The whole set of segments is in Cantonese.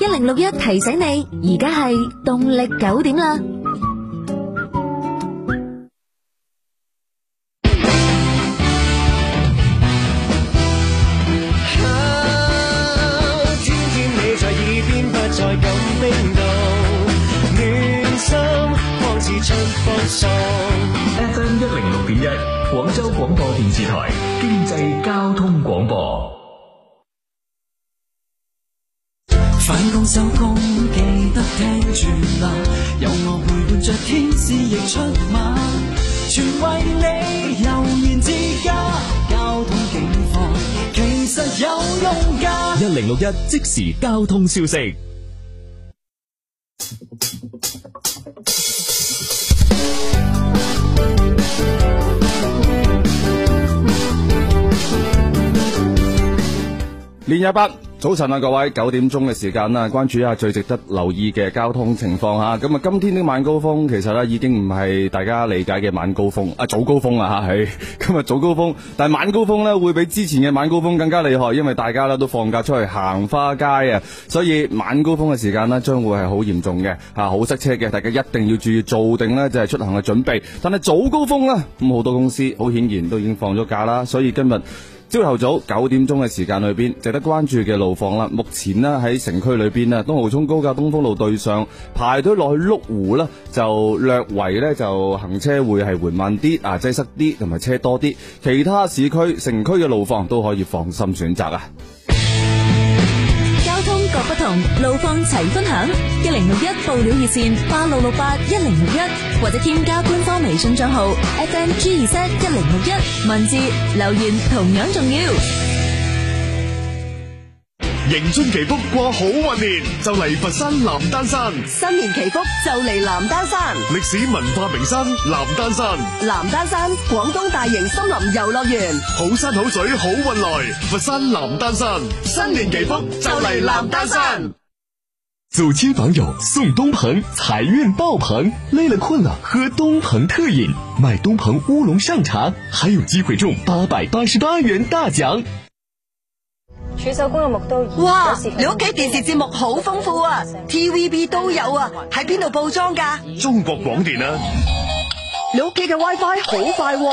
一零六一提醒你，而家係動力九點啦。六一即時交通消息。零一八。早晨啊，各位九點鐘嘅時間啦，關注一下最值得留意嘅交通情況吓。咁啊，今天的晚高峰其實呢已經唔係大家理解嘅晚高峰啊，早高峰啊吓，係今日早高峰。但係晚高峰呢會比之前嘅晚高峰更加厲害，因為大家呢都放假出去行花街啊，所以晚高峰嘅時間呢將會係好嚴重嘅吓，好塞車嘅。大家一定要注意，做定呢，就係出行嘅準備。但係早高峰呢，咁好多公司好顯然都已經放咗假啦，所以今日。朝頭早九點鐘嘅時間裏邊，值得關注嘅路況啦。目前呢喺城區裏邊呢，東濠涌高架東風路對上排隊落去麓湖呢，就略為呢，就行車會係緩慢啲啊，擠塞啲，同埋車多啲。其他市區城區嘅路況都可以放心選擇啊。各不同，路況齊分享。一零六一爆料熱線八六六八一零六一，8668, 1061, 或者添加官方微信賬號 FMG 二七一零六一，1061, 文字留言同樣重要。迎春祈福，掛好運年，就嚟佛山南丹山。新年祈福，就嚟南丹山。歷史文化名山南丹山，南丹山廣東大型森林遊樂園，好山好水好運來，佛山南丹山。新年祈福，就嚟南丹山。走親訪友送東鵬，財運爆棚。累了困了，喝東鵬特飲，買東鵬烏龍上茶，還有機會中八百八十八元大獎。舉手公用木刀。哇，你屋企電視節目好豐富啊，TVB 都有啊，喺邊度報裝㗎？中國廣電啊。你屋企嘅 WiFi 好快喎，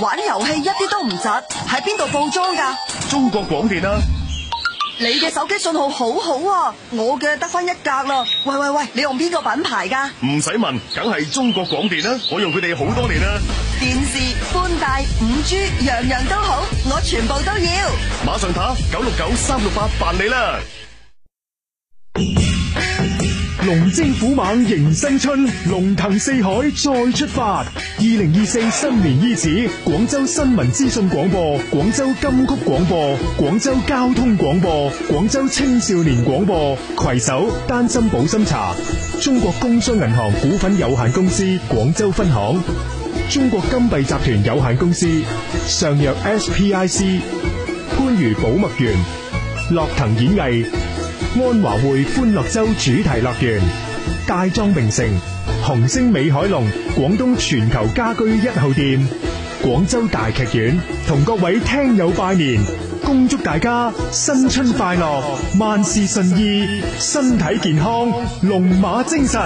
玩遊戲一啲都唔窒，喺邊度報裝㗎？中國廣電啊。你嘅手機信號好好啊，我嘅得翻一格啦。喂喂喂，你用邊個品牌噶？唔使問，梗係中國廣電啦。我用佢哋好多年啦。電視、寬帶、五 G，樣樣都好，我全部都要。馬上打九六九三六八辦理啦。969368, 龍精虎猛迎新春，龍騰四海再出發。二零二四新年伊始，廣州新聞資訊廣播、廣州金曲廣播、廣州交通廣播、廣州青少年廣播攜手丹參保心茶、中國工商銀行股份有限公司廣州分行、中國金幣集團有限公司、上藥 SPIC、番禺寶墨園、樂騰演藝。安華匯歡樂洲主題樂園、大莊名城、紅星美凱龍、廣東全球家居一號店、廣州大劇院，同各位聽友拜年，恭祝大家新春快樂，萬事順意，身體健康，龍馬精神。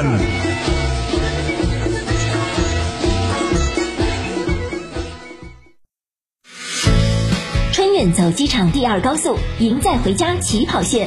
春運走機場第二高速，贏在回家起跑線。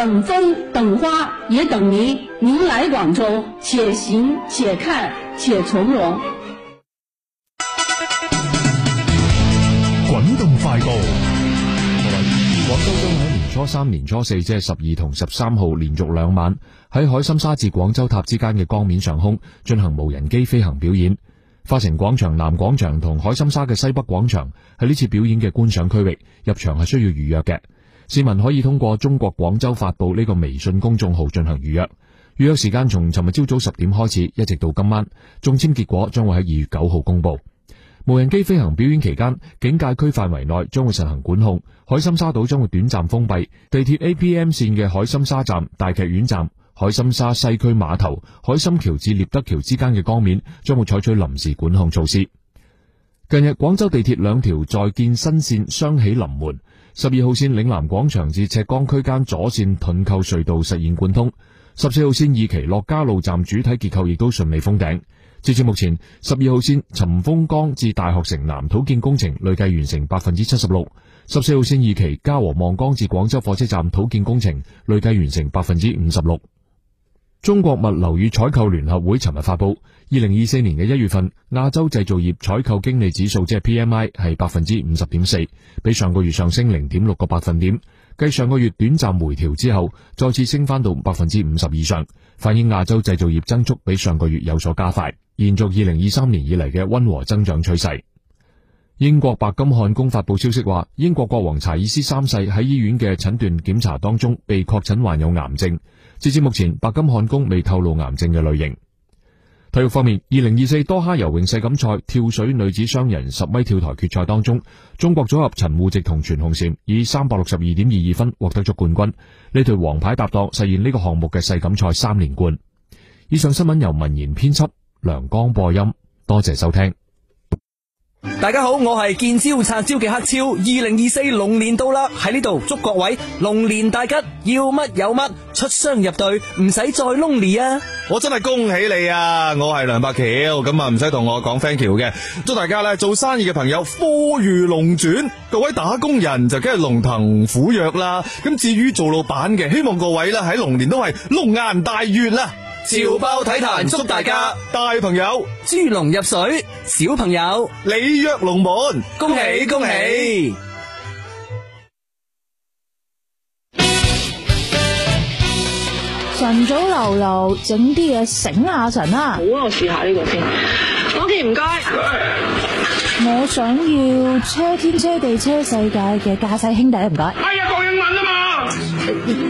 等風等花也等您，您來廣州，且行且看且從容。滾動快報：各位，廣州將喺年初三、年初四，即係十二同十三號，連續兩晚喺海心沙至廣州塔之間嘅江面上空進行無人機飛行表演。花城廣場、南廣場同海心沙嘅西北廣場係呢次表演嘅觀賞區域，入場係需要預約嘅。市民可以通過中國廣州發布呢個微信公眾號進行預約，預約時間從尋日朝早十點開始，一直到今晚。中籤結果將會喺二月九號公布。無人機飛行表演期間，警戒區範圍內將會實行管控，海心沙島將會短暫封閉。地鐵 APM 線嘅海心沙站、大劇院站、海心沙西區碼頭、海心橋至獵德橋之間嘅江面將會採取臨時管控措施。近日，廣州地鐵兩條在建新線雙喜臨門。十二號線嶺南廣場至赤崗區間左線盾構隧道實現貫通，十四號線二期樂嘉路站主體結構亦都順利封頂。截至目前，十二號線潯峰崗至大學城南土建工程累計完成百分之七十六，十四號線二期嘉禾望崗至廣州火車站土建工程累計完成百分之五十六。中國物流與採購聯合會尋日發布。二零二四年嘅一月份，亞洲製造業採購經理指數即係 PMI 係百分之五十點四，比上個月上升零點六個百分點。繼上個月短暫回調之後，再次升翻到百分之五十以上，反映亞洲製造業增速比上個月有所加快，延續二零二三年以嚟嘅温和增長趨勢。英國白金漢宮發布消息話，英國國王查爾斯三世喺醫院嘅診斷檢查當中被確診患有癌症。截至目前，白金漢宮未透露癌症嘅類型。體育方面，二零二四多哈游泳世錦賽跳水女子雙人十米跳台決賽當中，中國組合陳芋汐同全紅嬋以三百六十二點二二分獲得咗冠軍。呢對王牌搭檔實現呢個項目嘅世錦賽三連冠。以上新聞由文言編輯，梁江播音，多謝收聽。大家好，我係見招拆招嘅黑超。二零二四龍年到啦，喺呢度祝各位龍年大吉，要乜有乜，出雙入對，唔使再 lonely 啊！我真係恭喜你啊！我係梁伯橋，咁啊唔使同我講 thank you 嘅，祝大家呢做生意嘅朋友科如龍轉，各位打工人就梗係龍騰虎躍啦。咁至於做老闆嘅，希望各位呢喺龍年都係龍顏大悦啦。潮爆體壇，祝大家大朋友豬籠入水，小朋友鯉躍龍門，恭喜恭喜！晨早流流，整啲嘢醒下神啦。好，我試下呢個先。OK，唔該。我想要車天車地車世界嘅駕駛兄弟，唔該。哎呀，講英文啊嘛。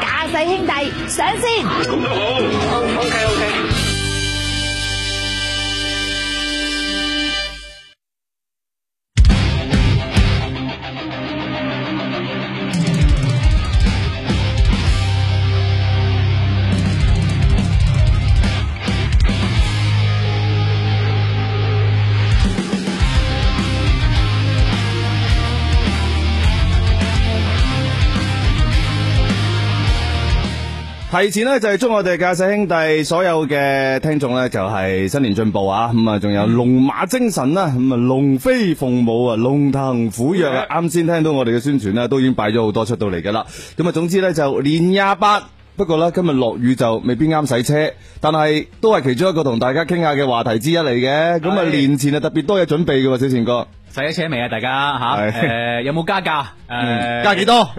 細兄弟上先，咁都好，OK OK。提前呢，就係、是、祝我哋駕駛兄弟所有嘅聽眾呢，就係、是、新年進步啊咁啊，仲、嗯、有龍馬精神啦，咁啊龍飛鳳舞啊，龍、嗯、騰虎躍啊！啱先聽到我哋嘅宣傳呢，都已經擺咗好多出到嚟噶啦。咁啊，總之呢，就年廿八，不過呢，今日落雨就未必啱洗車，但係都係其中一個同大家傾下嘅話題之一嚟嘅。咁啊，年前啊特別多嘢準備嘅喎，小善哥。洗咗車未啊？大家吓，誒、呃、有冇加價？誒、呃嗯、加幾多？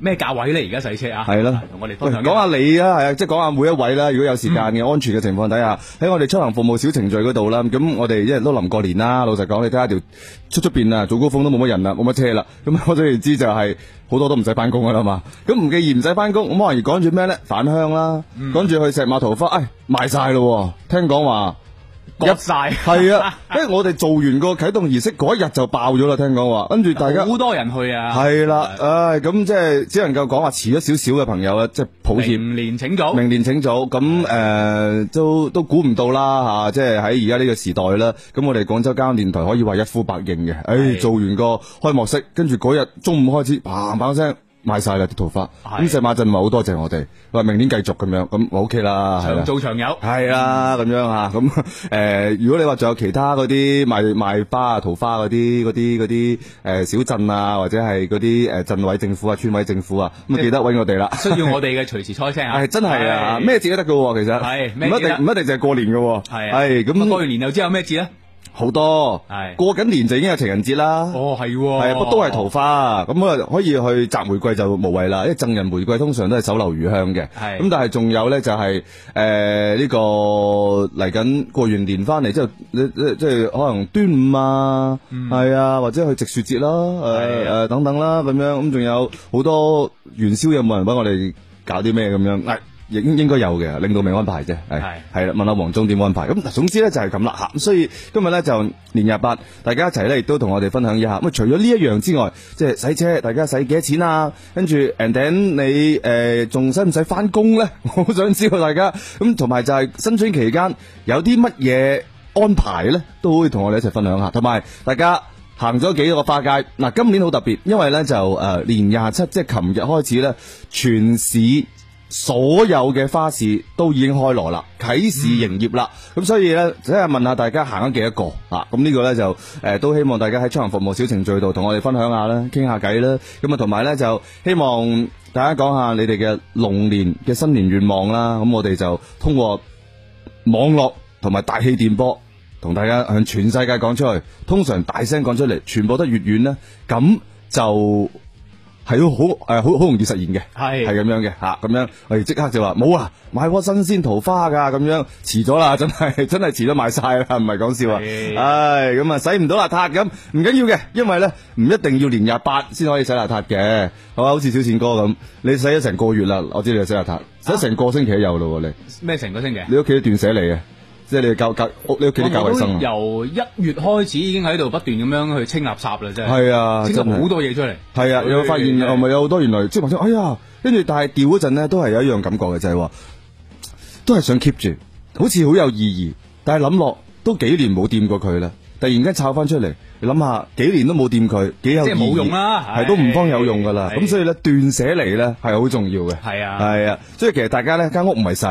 咩價位咧？而家洗車啊？係啦同我哋通常講下你啦、啊，即係講下每一位啦、啊。如果有時間嘅、嗯、安全嘅情況底下，喺我哋出行服務小程序嗰度啦。咁我哋一日都臨過年啦。老實講，你睇下條出出邊啊，早高峰都冇乜人啦，冇乜車啦。咁可想而知就係、是、好多都唔使翻工噶啦嘛。咁唔既然唔使翻工，咁反而趕住咩咧？返鄉啦，趕、嗯、住去石馬桃花，哎賣晒咯，聽講話。入晒係啊，跟 住我哋做完個啟動儀式嗰一日就爆咗啦，聽講話，跟住大家好多人去啊，係啦、啊，唉、啊，咁即係只能夠講話遲咗少少嘅朋友啊，即係抱歉，明年請早，明年請早，咁誒、啊呃，都都估唔到啦吓，即係喺而家呢個時代啦。咁我哋廣州交通電台可以話一呼百應嘅，誒、啊哎，做完、個開幕式，跟住嗰日中午開始，嘭嘭聲。賣晒啦啲桃花，咁石馬鎮咪好多謝我哋，喂，明年繼續咁樣，咁 ok 啦，長做長有係啦，咁、嗯、樣吓，咁誒、呃，如果你話仲有其他嗰啲賣賣花啊、桃花嗰啲、嗰啲、嗰啲誒小鎮啊，或者係嗰啲誒鎮委政府啊、村委政府啊，咁、就是、記得搵我哋啦，需要我哋嘅隨時吹聲，係真係啊，咩節都得噶，其實係，唔一定唔一定就係過年噶、啊，係，係咁過完年又之後咩節咧。好多係過緊年就已經有情人節啦，哦係，係啊、不過，都係桃花，咁啊可以去摘玫瑰就無謂啦，因為贈人玫瑰通常都係手留餘香嘅，係，咁但係仲有咧就係誒呢個嚟緊過完年翻嚟之後，即即可能端午啊，係、嗯、啊，或者去植樹節啦，誒誒、呃、等等啦咁樣，咁仲有好多元宵有冇人幫我哋搞啲咩咁樣嗱？應應該有嘅，領導未安排啫，係係啦。問下黃總點安排？咁嗱，總之咧就係咁啦。嚇，咁所以今日咧就年廿八，大家一齊咧亦都同我哋分享一下。咁啊，除咗呢一樣之外，即係洗車，大家洗幾多錢啊？跟住 Andy，你誒仲使唔使翻工咧？我想知道大家咁同埋就係新春期間有啲乜嘢安排咧，都可以同我哋一齊分享下。同埋大家行咗幾個花街嗱，今年好特別，因為咧就誒年廿七，即係琴日開始咧，全市。所有嘅花市都已經開鑼啦，啟市營業啦，咁、嗯、所以呢，即係問下大家行咗幾多個咁呢、啊、個呢，就誒、呃，都希望大家喺出行服務小程序度同我哋分享下啦，傾下偈啦，咁啊同埋呢，就希望大家講下你哋嘅龍年嘅新年願望啦，咁我哋就通過網絡同埋大氣電波，同大家向全世界講出去，通常大聲講出嚟，傳播得越遠呢，咁就。係好誒，好好容易實現嘅，係係咁樣嘅吓，咁、啊、樣，誒，即刻就話冇啊，買棵新鮮桃花噶，咁樣遲咗啦，真係真係遲咗買晒啦，唔係講笑啊，唉，咁、哎、啊洗唔到邋遢咁，唔緊要嘅，因為咧唔一定要年廿八先可以洗邋遢嘅，係嘛，好似小倩哥咁，你洗咗成個月啦，我知你洗邋遢，洗咗成個星期都有咯、啊，你咩成個星期？你屋企斷捨離嘅。即係你教教屋你屋企教衛生啊！由一月開始已經喺度不斷咁樣去清垃圾啦，真係。係啊，清咗好多嘢出嚟。係啊,啊，有發現我咪有好多原來即係話，哎呀、啊，跟住、啊啊啊、但係掉嗰陣咧，都係有一樣感覺嘅，就係、是、都係想 keep 住，好似好有意義。但係諗落都幾年冇掂過佢啦，突然間抄翻出嚟，你諗下幾年都冇掂佢，幾有意義即係冇用啦，係、啊啊、都唔方有用噶啦。咁、啊啊、所以咧，斷捨離咧係好重要嘅。係啊，係啊，所以其實大家咧間屋唔係細，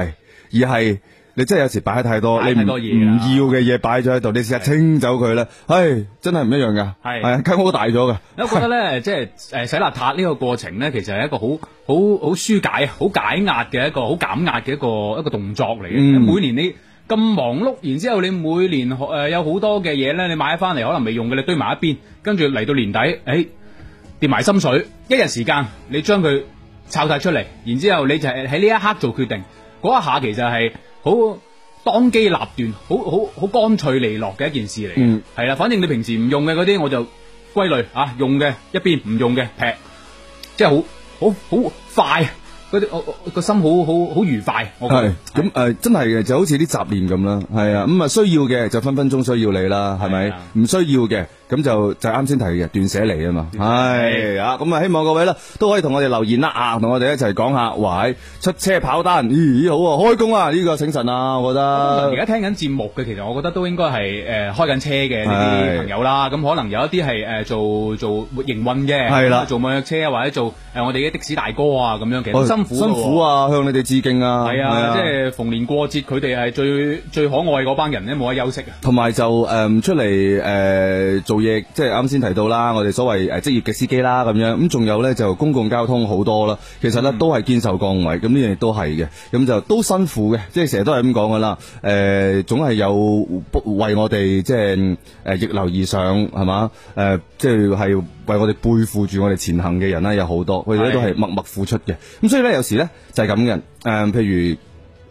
而係。你真係有時擺太多，你唔唔要嘅嘢擺咗喺度，你，你試下清走佢咧，唉，真係唔一樣噶，係啊，間屋好大咗㗎！我覺得咧，即係誒洗邋遢呢個過程咧，其實係一個好好好舒解、好解壓嘅一個好減壓嘅一個一個動作嚟嘅。嗯，每年你咁忙碌，然之後你每年誒有好多嘅嘢咧，你買翻嚟可能未用嘅，你堆埋一邊，跟住嚟到年底，誒跌埋心水，一日時間你將佢抄曬出嚟，然之後你就喺呢一刻做決定，嗰一下其實係。好當機立斷，好好好乾脆利落嘅一件事嚟。係、嗯、啦。反正你平時唔用嘅嗰啲，我就歸類啊，用嘅一邊，唔用嘅劈，即係好好好快，嗰啲我個心好好好愉快。係咁誒，真係嘅，就好似啲雜念，咁啦，係啊。咁啊、嗯，需要嘅就分分鐘需要你啦，係咪？唔需要嘅。咁就就啱先提嘅斷捨離啊嘛，係啊，咁啊希望各位啦都可以同我哋留言啦啊，同、啊、我哋一齊講下，喂，出車跑單，咦好啊，開工啊呢、這個醒神啊，我覺得而家、嗯、聽緊節目嘅，其實我覺得都應該係誒開緊車嘅呢啲朋友啦，咁、嗯、可能有一啲係誒做做營運嘅，係、呃、啦，做網約車或者做誒、呃、我哋嘅的，的士大哥啊咁樣，其實辛苦、哎、辛苦啊，向你哋致敬啊，係啊，即係、就是、逢年過節佢哋係最最可愛嗰班人咧，冇得休息啊，同埋就誒、呃、出嚟誒、呃、做。亦即係啱先提到啦，我哋所謂誒職業嘅司機啦，咁樣咁仲有咧就公共交通好多啦，其實咧、嗯、都係堅守崗位，咁呢樣嘢都係嘅，咁就都辛苦嘅，即係成日都係咁講噶啦，誒、呃、總係有為我哋即係誒逆流而上係嘛，誒即係係為我哋背負住我哋前行嘅人咧有好多，佢哋咧都係默默付出嘅，咁所以咧有時咧就係咁嘅，誒、呃、譬如誒、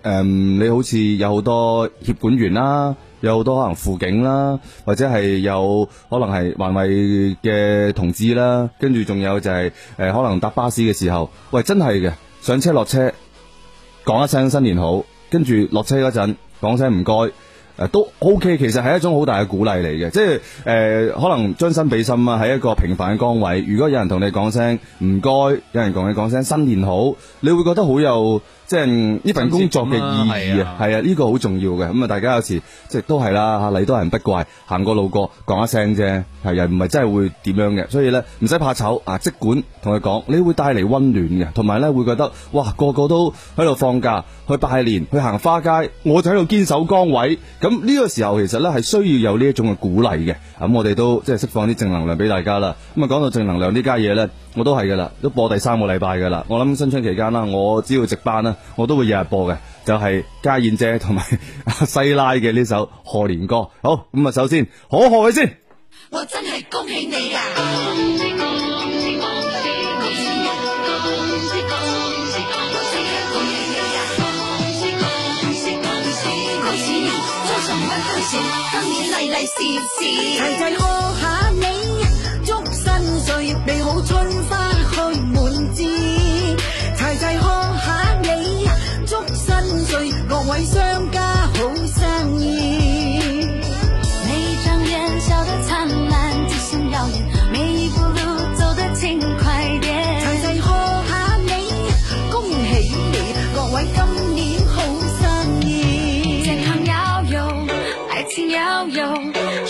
呃、你好似有好多協管員啦。有好多可能輔警啦，或者係有可能係環衛嘅同志啦，跟住仲有就係誒可能搭巴士嘅時候，喂真係嘅上車落車講一聲新年好，跟住落車嗰陣講聲唔該，誒都 OK，其實係一種好大嘅鼓勵嚟嘅。即係誒可能將心比心啊，喺一個平凡嘅崗位，如果有人同你講聲唔該，有人同你講聲新年好，你會覺得好有。即係呢份工作嘅意義啊，係啊，呢、啊這個好重要嘅。咁啊，大家有時即係都係啦嚇，禮多人不怪，行過路過講一聲啫，係啊，唔係真係會點樣嘅。所以咧，唔使怕醜啊，即管同佢講，你會帶嚟溫暖嘅，同埋咧會覺得哇，個個都喺度放假，去拜年，去行花街，我就喺度堅守崗位。咁呢個時候其實咧係需要有呢、啊、一種嘅鼓勵嘅。咁我哋都即係釋放啲正能量俾大家啦。咁啊，講到正能量呢家嘢咧。我都係嘅啦，都播第三個禮拜嘅啦。我諗新春期間啦，我只要值班啦，我都會日日播嘅，就係、是、家燕姐同埋阿西拉嘅呢首賀年歌。好，咁啊，首先，可賀佢先。我真係恭喜你啊！恭喜恭喜恭喜恭喜恭喜恭喜恭喜你恭喜你恭喜恭喜恭喜你恭喜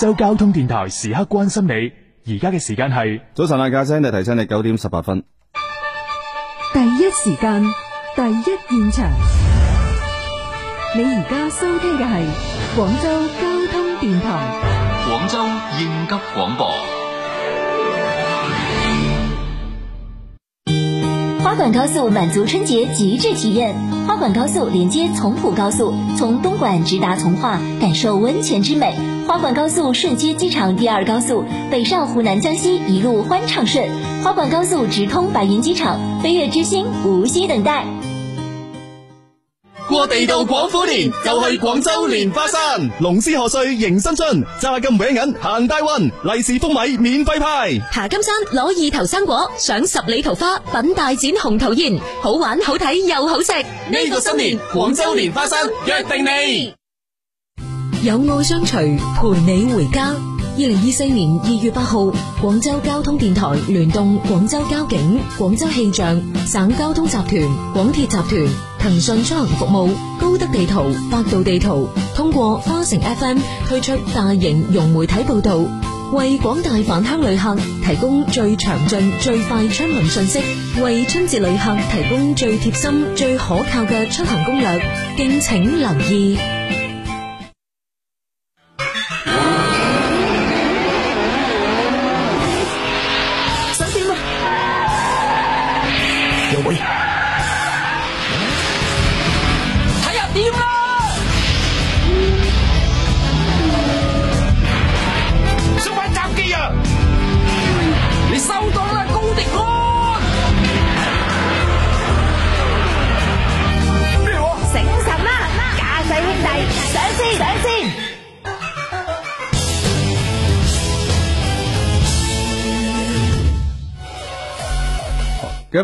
州交通電台時刻關心你，而家嘅時間係早晨啊，家聲我提醒你九點十八分。第一時間，第一現場，你而家收聽嘅係廣州交通電台，廣州應急廣播。花莞高速滿足春節極致體驗，花莞高速連接從普高速，從東莞直達從化，感受温泉之美。花莞高速順接機場，第二高速北上湖南江西，一路歡暢順。花莞高速直通白雲機場，飛越之心無需等待。過地道廣府年，就去、是、廣州蓮花山，龍獅賀歲迎新春，炸金餅、行大運、利是風米免費派。爬金山，攞意頭生果，賞十里桃花，品大展紅桃宴，好玩好睇又好食。呢、這個新年，廣州蓮花山約定你。有愛相隨，陪你回家。二零二四年二月八號，廣州交通電台聯動廣州交警、廣州氣象、省交通集團、廣鐵集團、騰訊出行服務、高德地圖、百度地圖，通過花城 FM 推出大型融媒體報道，為廣大返鄉旅客提供最詳盡、最快出行信息，為春節旅客提供最貼心、最可靠嘅出行攻略，敬請留意。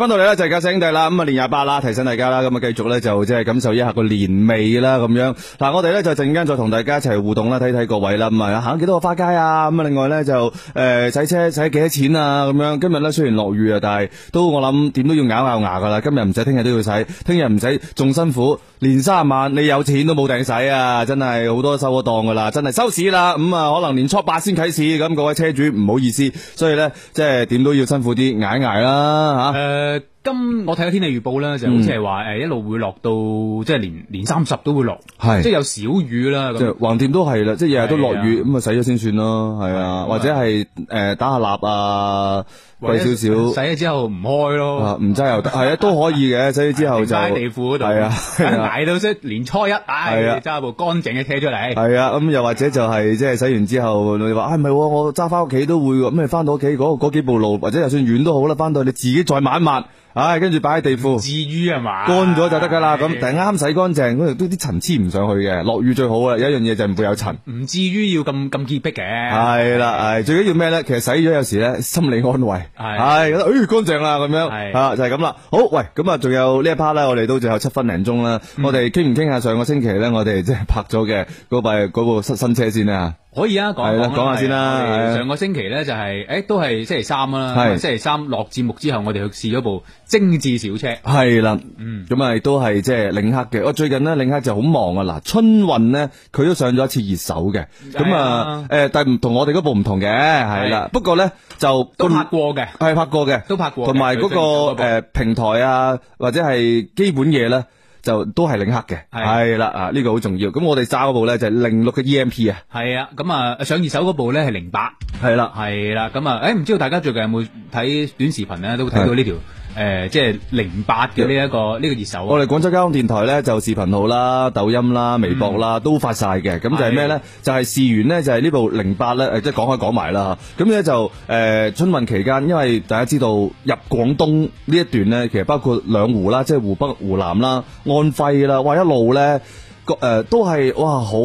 到嚟咧就係駕駛兄弟啦，咁啊年廿八啦，提醒大家啦，咁啊繼續咧就即係感受一下個年味啦咁樣。嗱、啊，我哋咧就陣間再同大家一齊互動啦，睇睇各位啦。咁啊行幾多個花街啊？咁啊另外咧就誒、呃、洗車洗幾多錢啊？咁樣今日咧雖然落雨啊，但係都我諗點都，都要咬咬牙噶啦。今日唔使，聽日都要洗，聽日唔使仲辛苦。年卅晚你有錢都冇定洗啊！真係好多收咗檔噶啦，真係收市啦。咁、嗯、啊可能年初八先啟市，咁各位車主唔好意思，所以咧即係點都要辛苦啲捱捱啦嚇。啊欸今我睇下天氣預報咧，就好似係話誒一路會落到即係連年三十都會落，即係有小雨啦。咁橫掂都係啦，即係日日都落雨咁啊，洗咗先算咯，係啊，啊，或者係誒、呃、打下蠟啊。貴少少，洗咗之後唔開咯，唔揸又得，係啊都可以嘅。洗咗之後就喺地庫嗰度，係啊，捱、啊、 到即年初一，係啊，揸部乾淨嘅車出嚟，係啊，咁、嗯、又或者就係即係洗完之後，你話係咪我揸翻屋企都會嘅，咩翻到屋企嗰嗰幾步路，或者就算遠都好啦，翻到你自己再抹一抹，唉、哎，跟住擺喺地庫，至於啊嘛，乾咗就得噶啦，咁但係啱洗乾淨嗰度都啲塵黐唔上去嘅，落雨最好啦，有一樣嘢就唔會有塵，唔至於要咁咁潔癖嘅，係啦，係、啊啊啊、最緊要咩咧？其實洗咗有時咧，心理安慰。係，覺得誒乾淨啦，咁、哎、樣吓、啊、就係咁啦。好，喂，咁啊，仲有一呢一 part 咧，我哋都仲有七分零鐘啦。我哋傾唔傾下上個星期咧，我哋即係拍咗嘅嗰部嗰部新新車先啊？可以啊，講講啦，講下先啦。上個星期咧就係，誒都係星期三啦，星期三落節目之後，我哋去試咗部精緻小車。係啦，咁啊都係即係領克嘅。我最近咧領克就好忙啊。嗱，春運咧佢都上咗一次熱搜嘅。咁啊，誒但係唔同我哋嗰部唔同嘅，係啦。不過咧就都拍過嘅，係拍過嘅，都拍過。同埋嗰個誒平台啊或者係基本嘢咧。就都係領克嘅，係啦啊，呢個好重要。咁我哋揸嗰部咧就係零六嘅 E M P 啊，係啊。咁啊，上二手嗰部咧係零八，係啦係啦。咁啊，誒，唔知道大家最近有冇睇短視頻咧，都睇到呢條。誒、呃，即係零八嘅呢一個呢個熱搜，啊。我哋廣州交通電台咧就視頻號啦、抖音啦、微博啦、嗯、都發晒嘅。咁就係咩咧？就係事源呢，就係、是、呢部零八咧。誒、就是，即係講開講埋啦咁咧就誒、呃、春運期間，因為大家知道入廣東呢一段咧，其實包括兩湖啦，即、就、係、是、湖北、湖南啦，安徽啦，哇一路咧，個、呃、誒都係哇好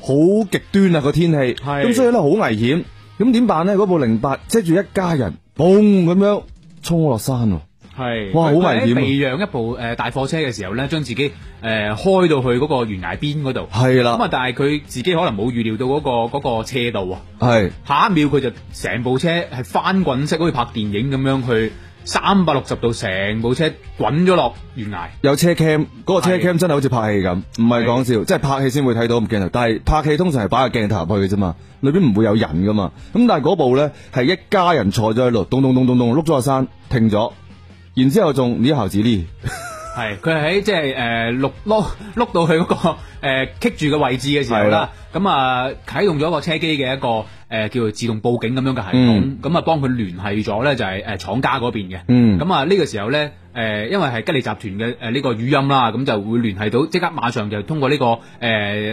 好極端啊、個天氣。係。咁所以咧好危險。咁點辦咧？嗰部零八遮住一家人嘣，咁樣。衝落山喎，係，哇好危險啊！避讓一部誒大貨車嘅時候咧，將自己誒、呃、開到去嗰個懸崖邊嗰度，係啦。咁啊，但係佢自己可能冇預料到嗰、嗰個、嗰個車道係下一秒佢就成部車係翻滾式好似拍電影咁樣去。三百六十度成部車滾咗落懸崖，有車 cam 嗰個車 cam 真係好似拍戲咁，唔係講笑，即係拍戲先會睇到鏡頭。但係拍戲通常係擺個鏡頭入去嘅啫嘛，裏邊唔會有人噶嘛。咁但係嗰部咧係一家人坐咗喺度，咚咚咚咚咚碌咗個山，停咗，然之後仲呢猴子呢？係佢係喺即係誒，碌碌碌到佢嗰個誒棘住嘅位置嘅時候啦。咁啊啟動咗個車機嘅一個。誒，叫做自動報警咁樣嘅系統，咁啊幫佢聯繫咗咧，就係誒廠家嗰邊嘅。嗯。咁啊呢個時候咧，誒因為係吉利集團嘅誒呢個語音啦，咁就會聯繫到，即刻馬上就通過呢個誒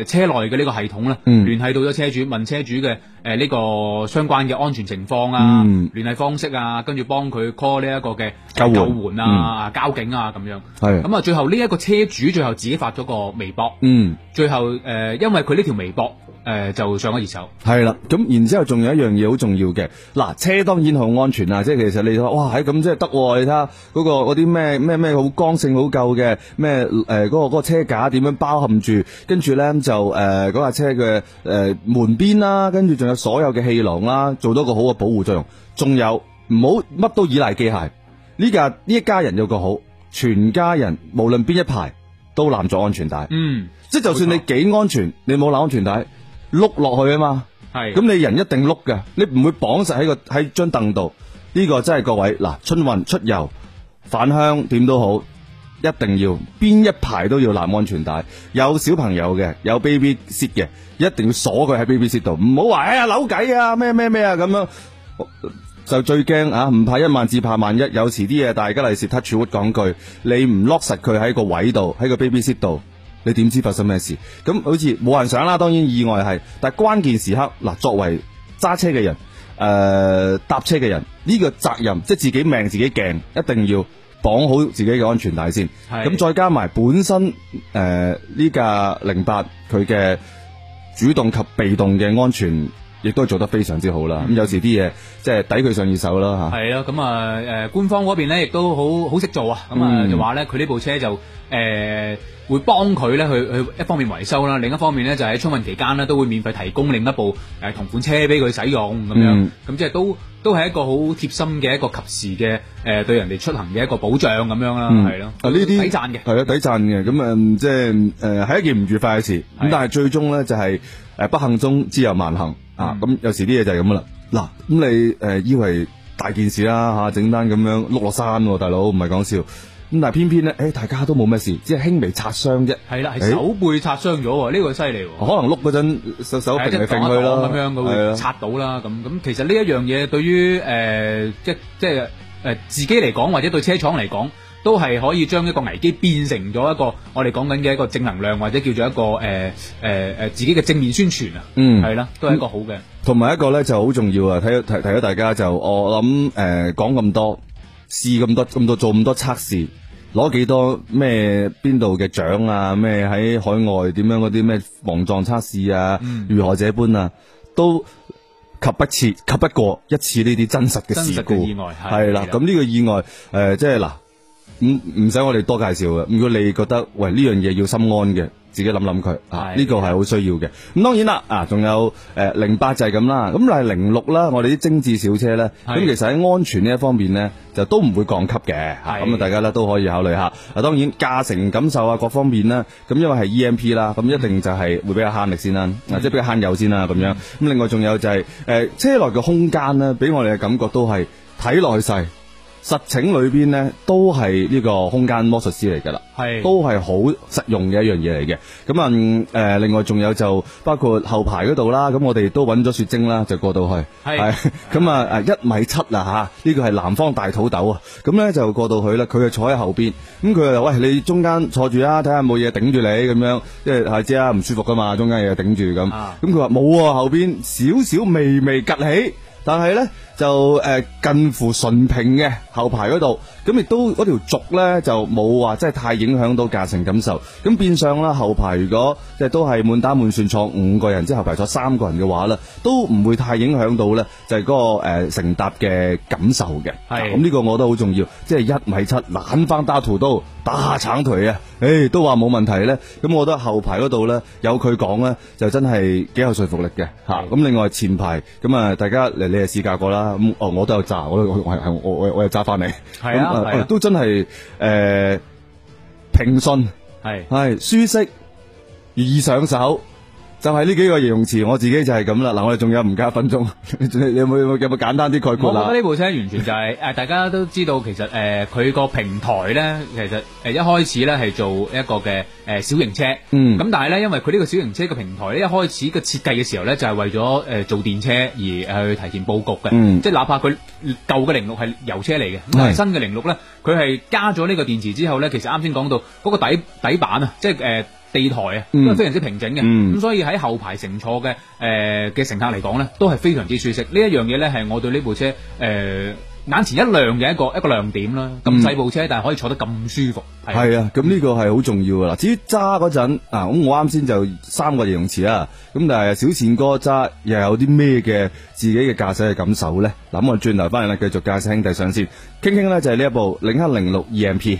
車內嘅呢個系統啦，聯繫到咗車主，嗯，問車主嘅誒呢個相關嘅安全情況啊，嗯，聯繫方式啊，跟住幫佢 call 呢一個嘅救援啊、救援嗯、交警啊咁樣。係。咁啊，最後呢一個車主最後自己發咗個微博。嗯。最後誒，因為佢呢條微博。誒、呃，就上咗二手，係啦，咁然之後仲有一樣嘢好重要嘅，嗱，車當然好安全啦，即係其實你話哇，喺咁即係得，你睇下嗰個嗰啲咩咩咩好剛性好夠嘅咩誒，嗰、呃嗰個嗰、嗰個車架點樣包含住，跟住咧就誒嗰架車嘅誒、呃、門邊啦，跟住仲有所有嘅氣囊啦，做到個好嘅保護作用。仲有唔好乜都依賴機械，呢架呢一家人有個好，全家人無論邊一排都攬咗安全帶。嗯，即係就算你幾安全，嗯、你冇攬安全帶。碌落去啊嘛，係，咁你人一定碌嘅，你唔會綁實喺個喺張凳度，呢個真係各位嗱，春運出遊、返鄉點都好，一定要邊一排都要攬安全帶，有小朋友嘅，有 baby seat 嘅，一定要鎖佢喺 baby seat 度，唔好話哎呀扭計啊，咩咩咩啊咁樣，就最驚啊，唔怕一萬，至怕萬一，有時啲嘢，大家而家嚟時 touch wood 講句，你唔 lock 實佢喺個位度，喺個 baby seat 度。你點知發生咩事？咁好似冇人想啦，當然意外係，但係關鍵時刻嗱，作為揸車嘅人、誒、呃、搭車嘅人，呢、這個責任即係自己命自己勁，一定要綁好自己嘅安全帶先。咁再加埋本身誒呢、呃、架零八佢嘅主動及被動嘅安全。亦都做得非常之好啦，咁、嗯嗯、有時啲嘢即係抵佢上二手啦，係啦，咁啊、呃、官方嗰邊咧，亦都好好識做啊，咁、嗯、啊就話咧，佢呢部車就誒、呃、會幫佢咧去去一方面維修啦，另一方面咧就喺、是、春運期間呢，都會免費提供另一部、嗯、同款車俾佢使用咁樣，咁、嗯、即係都都係一個好貼心嘅一個及時嘅誒、呃、對人哋出行嘅一個保障咁樣啦，係、嗯、咯。啊呢啲抵讚嘅，係啊抵讚嘅，咁啊、嗯、即係係、呃、一件唔愉快嘅事，咁、啊、但係最終咧就係、是、不幸中之有萬幸。嗯、啊，咁有時啲嘢就係咁啦，嗱、啊，咁你誒，以、呃、為大件事啦吓、啊，整單咁樣碌落山，大佬唔係講笑，咁但係偏偏咧，誒、欸，大家都冇咩事，只係輕微擦傷啫。係啦，係、欸、手背擦傷咗，呢、這個犀利、啊。可能碌嗰陣手手一掟嚟掟去咯，咁樣會擦到啦。咁咁其實呢一樣嘢對於誒、呃，即即誒、呃、自己嚟講，或者對車廠嚟講。都係可以將一個危機變成咗一個我哋講緊嘅一個正能量，或者叫做一個誒、呃呃、自己嘅正面宣傳啊，係、嗯、啦，都係一個好嘅。同、嗯、埋、嗯、一個咧就好重要啊！睇提提咗大家就，我諗誒、呃、講咁多，試咁多，咁多做咁多測試，攞幾多咩邊度嘅獎啊？咩喺海外點樣嗰啲咩防撞測試啊？嗯、如何者般啊？都及不切及，及不過一次呢啲真實嘅事故意外，係啦。咁呢個意外誒、呃，即係嗱。唔唔使我哋多介紹嘅，如果你覺得喂呢樣嘢要心安嘅，自己諗諗佢，呢個係好需要嘅。咁當然啦，啊，仲有誒零八就係咁啦，咁但係零六啦，我哋啲精緻小車咧，咁其實喺安全呢一方面咧，就都唔會降級嘅，咁啊大家咧都可以考慮下。啊，當然駕乘感受啊，各方面啦，咁因為係 E M P 啦，咁一定就係會比較慳力先啦，即、嗯、係比較慳油先啦，咁樣。咁另外仲有就係、是、誒、呃、車內嘅空間咧，俾我哋嘅感覺都係睇落去細。實情裏邊呢，都係呢個空間魔術師嚟噶啦，係都係好實用嘅一樣嘢嚟嘅。咁啊，誒、呃，另外仲有就包括後排嗰度啦。咁我哋都揾咗雪晶啦，就過到去係。咁啊、 嗯嗯，一米七啊吓，呢、啊這個係南方大土豆啊。咁咧就過到去啦。佢就坐喺後邊，咁佢就，喂，你中間坐住啦，睇下冇嘢頂住你咁樣，即係知啊，唔舒服噶嘛，中間嘢頂住咁。咁佢話冇啊，後邊少少微微夾起，但係咧。就誒、呃、近乎純平嘅後排嗰度，咁亦都嗰條軸咧就冇話真係太影響到駕乘感受。咁變相啦，後排如果即係都係滿打滿算坐五個人，之後排坐三個人嘅話咧，都唔會太影響到咧，就係嗰個誒乘搭嘅感受嘅。係咁呢個我覺得好重要，即係一米七攬翻打圖都打下橙腿啊！誒、欸、都話冇問題咧。咁我覺得後排嗰度咧有佢講咧，就真係幾有說服力嘅吓。咁另外前排咁啊，大家嚟你係試駕過啦。啊、嗯！哦，我都有揸，我都係係我我我有揸翻嚟，係啊，嗯啊嗯，都真係誒，平順係係舒適易上手。就係、是、呢幾個形容詞，我自己就係咁啦。嗱，我哋仲有唔加分鐘，有冇有冇有冇簡單啲概括啦？我覺得呢部車完全就係、是、誒， 大家都知道其、呃，其實誒，佢個平台咧，其實誒，一開始咧係做一個嘅誒小型車，咁、嗯、但係咧，因為佢呢個小型車嘅平台呢，一開始嘅設計嘅時候咧，就係、是、為咗誒、呃、做電車而去提前布局嘅，嗯，即係哪怕佢舊嘅零六係油車嚟嘅，咁新嘅零六咧，佢係加咗呢個電池之後咧，其實啱先講到嗰個底底板啊，即係誒。呃地台啊，都係非常之平整嘅，咁、嗯嗯、所以喺後排乘坐嘅誒嘅乘客嚟講呢，都係非常之舒適。呢一樣嘢呢，係我對呢部車誒、呃、眼前一亮嘅一個一個亮點啦。咁、嗯、細部車但係可以坐得咁舒服，係啊，咁呢個係好重要噶啦。至於揸嗰陣啊，咁我啱先就三個形容詞啦、啊，咁但係小錢哥揸又有啲咩嘅自己嘅駕駛嘅感受咧？嗱我轉頭翻嚟呢，繼續駕駛兄弟上先，傾傾呢，就係呢一部領克零六 EMP。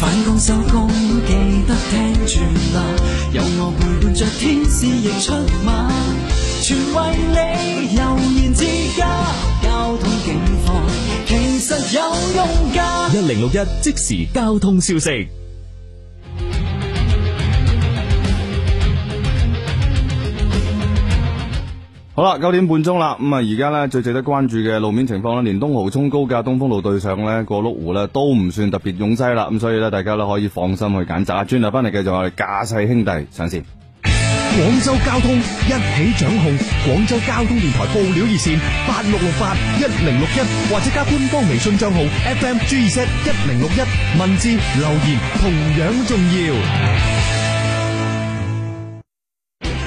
返工收工，記得聽住啦，有我陪伴着天使亦出馬，全為你悠然之家。交通警方其實有用㗎！一零六一即時交通消息。好啦，九點半鐘啦，咁啊，而家咧最值得關注嘅路面情況啦連東濠涌高架、東風路對上咧個碌湖咧，都唔算特別擁擠啦，咁所以咧，大家咧可以放心去揀擇。轉頭翻嚟繼續我哋駕駛兄弟上線。廣州交通一起掌控，廣州交通電台報料熱線八六六八一零六一，8668, 1061, 或者加官方微信賬號 FM G 二七一零六一，文字留言同樣重要。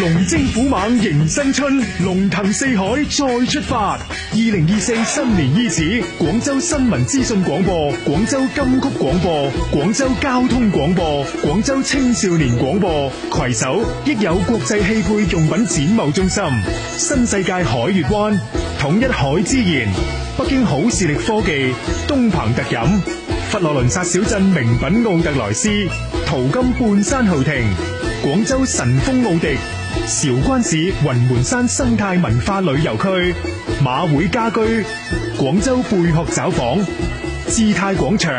龍精虎猛迎新春，龍騰四海再出發。二零二四新年伊始，廣州新聞資訊廣播、廣州金曲廣播、廣州交通廣播、廣州青少年廣播攜手，亦有國際汽配用品展貿中心、新世界海月灣、統一海之言、北京好視力科技、東鵬特飲、佛羅倫薩小鎮名品奧特萊斯、淘金半山豪庭、廣州神風奧迪。韶關市雲門山生態文化旅遊區、馬會家居、廣州貝殼找房、志泰廣場，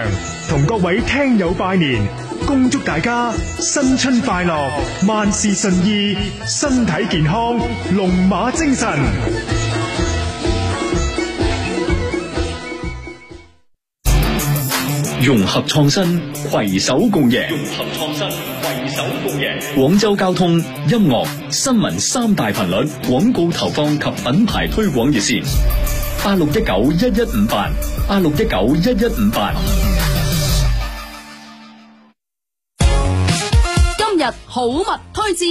同各位聽友拜年，恭祝大家新春快樂，萬事順意，身體健康，龍馬精神。融合創新，攜手共贏。融合廣州交通音樂新聞三大頻率廣告投放及品牌推廣熱線：八六一九一一五八，八六一九一一五八。好物推薦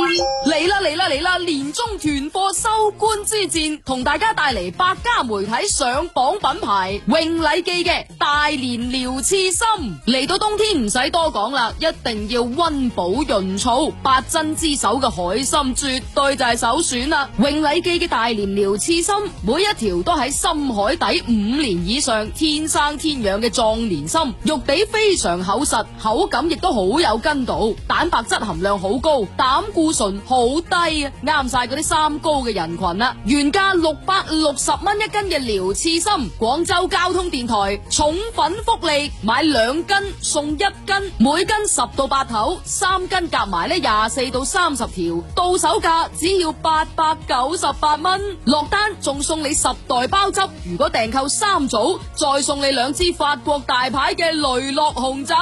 嚟啦，嚟啦，嚟啦！年終囤貨收官之戰，同大家帶嚟百家媒體上榜品牌永禮記嘅大連遼刺參。嚟到冬天唔使多講啦，一定要溫補潤燥，八珍之首嘅海參絕對就係首選啦！永禮記嘅大連遼刺參，每一條都喺深海底五年以上，天生天養嘅壯年參，肉地非常厚實，口感亦都好有筋道，蛋白質含量好。好高，膽固醇好低啊，啱晒嗰啲三高嘅人群啦。原價六百六十蚊一斤嘅遼刺參，廣州交通電台寵粉福利，買兩斤送一斤，每斤十到八頭，三斤夾埋呢廿四到三十條，到手價只要八百九十八蚊，落單仲送你十袋包汁，如果訂購三組，再送你兩支法國大牌嘅雷諾紅酒。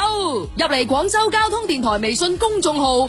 入嚟廣州交通電台微信公眾號。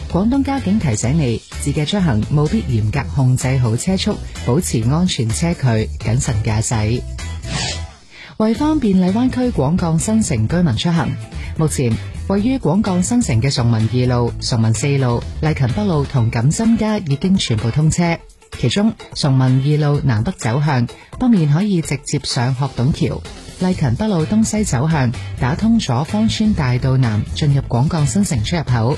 廣東交警提醒你，自駕出行務必嚴格控制好車速，保持安全車距，謹慎駕駛。為方便荔灣區廣鋼新城居民出行，目前位於廣鋼新城嘅崇文二路、崇文四路、荔勤北路同錦深街已經全部通車。其中，崇文二路南北走向，北面可以直接上鶴洞橋；荔勤北路東西走向，打通咗芳村大道南進入廣鋼新城出入口。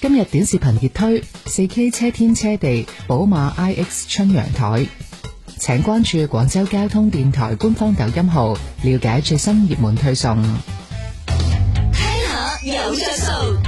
今日短視頻熱推，四 K 車天車地，寶馬 IX 春陽台，請關注廣州交通電台官方抖音號，了解最新熱門推送。睇下有著數。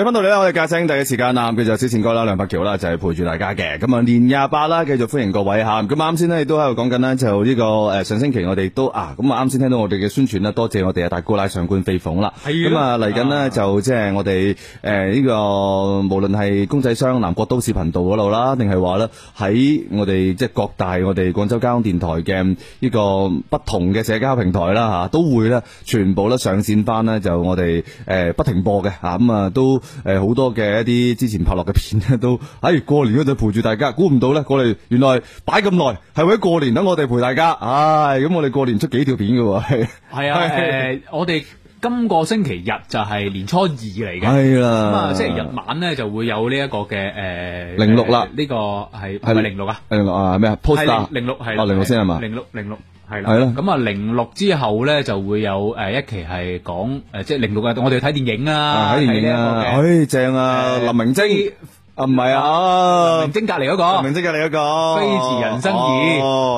幾多分到你咧？我哋賈晶第一時間啊，叫做小倩哥啦、梁柏橋啦，就係、是、陪住大家嘅。咁啊，年廿八啦，繼續歡迎各位吓。咁啱先呢，亦都喺度講緊咧，就呢、這個誒上星期我哋都啊，咁啊啱先聽到我哋嘅宣傳啦，多謝我哋啊大姑奶上官飛鳳啦。咁啊嚟緊呢，啊、就即係、就是、我哋誒呢個，無論係公仔商南國都市頻道嗰度啦，定係話咧喺我哋即係各大我哋廣州交通電台嘅呢個不同嘅社交平台啦吓，都會咧全部咧上線返呢，就我哋誒不停播嘅吓，咁啊都。誒，好多嘅一啲之前拍落嘅片咧，都、哎、誒過年嗰陣陪住大家，估唔到咧過嚟，原來擺咁耐係為咗過年等我哋陪大家，唉、哎，咁我哋過年出幾條片㗎喎，係係！啊， 呃、我哋今個星期日就係年初二嚟嘅，係啦，咁啊，星期日晚咧就會有呢一個嘅誒零六啦，呢、呃呃這個係係咪零六啊？Poster，零六啊，咩啊？Poster 零六係啊，零六先係嘛？零六零六。係啦，係咯，咁啊零六之後咧就會有誒一期係講誒，即係零六啊，我哋睇電影啊，睇電影啊，唉、okay, 哎、正啊，林明晶啊唔係啊，啊，林明晶隔籬嗰個，林明晶隔籬嗰個飛馳、哦、人生二，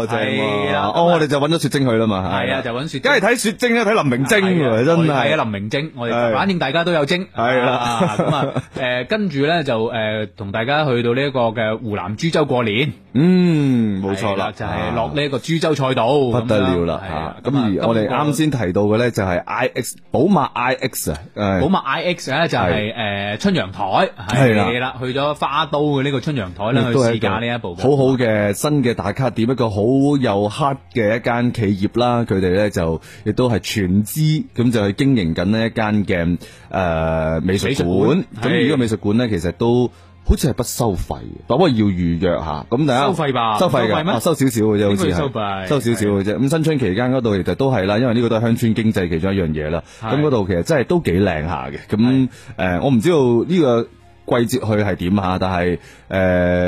係啦，哦，哦，哦、嗯、我哋就揾咗雪晶去啦嘛，係啊就揾雪，梗係睇雪晶啦，睇林明晶啊真係啊林明晶，我哋反正大家都有精。係啦，咁啊誒跟住咧就誒同、呃、大家去到呢一個嘅湖南株洲過年。嗯，冇錯啦，就係落呢一個株洲賽道，啊，不得了啦吓。咁、啊、而我哋啱先提到嘅咧，就係 I X 寶馬 I X 啊，誒，寶馬 I X 咧就係、是、誒、呃、春陽台係啦，去咗花都嘅呢個春陽台呢去試駕呢一部好好嘅新嘅打卡點，一個好有黑嘅一間企業啦。佢哋咧就亦都係全資咁就去經營緊呢一間嘅誒美術館。咁而呢個美術館咧，其實都。好似係不收費嘅，不過要預約吓。咁大家收費吧，收費嘅收少少嘅啫，啊、收小小好似係收少少嘅啫。咁新春期間嗰度其實都係啦、呃呃呃，因為呢個都係鄉村經濟其中一樣嘢啦。咁嗰度其實真係都幾靚下嘅。咁誒，我唔知道呢個季節去係點吓，但係誒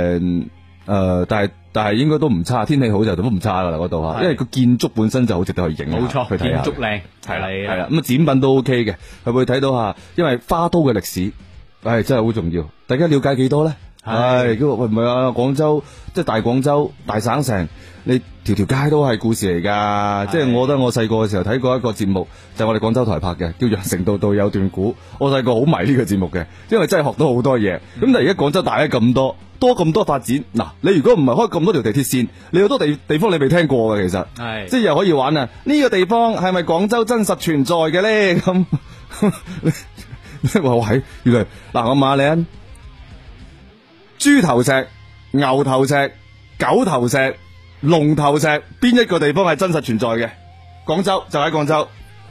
誒，但係但係應該都唔差，天氣好就都唔差噶啦嗰度吓。因為個建築本身就好值得去影，冇錯，建築靚係啦，係啦。咁啊、那個、展品都 OK 嘅，係會睇到吓？因為花都嘅歷史。係、哎、真係好重要，大家了解幾多呢？係、哎就是，喂唔係啊？廣州即係、就是、大廣州，大省城，你條條街都係故事嚟噶。即係、就是、我覺得我細個嘅時候睇過一個節目，就是、我哋廣州台拍嘅，叫《羊城道道有段古》。我細個好迷呢個節目嘅，因為真係學到好多嘢。咁、嗯、但係而家廣州大咗咁多，多咁多發展。嗱，你如果唔係開咁多條地鐵線，你好多地地方你未聽過嘅其實，即係、就是、又可以玩啊！呢、這個地方係咪廣州真實存在嘅呢？咁？ 因為我喺原來嗱，我問下你豬頭石、牛頭石、狗頭石、龍頭石，邊一個地方係真實存在嘅？廣州就喺廣州，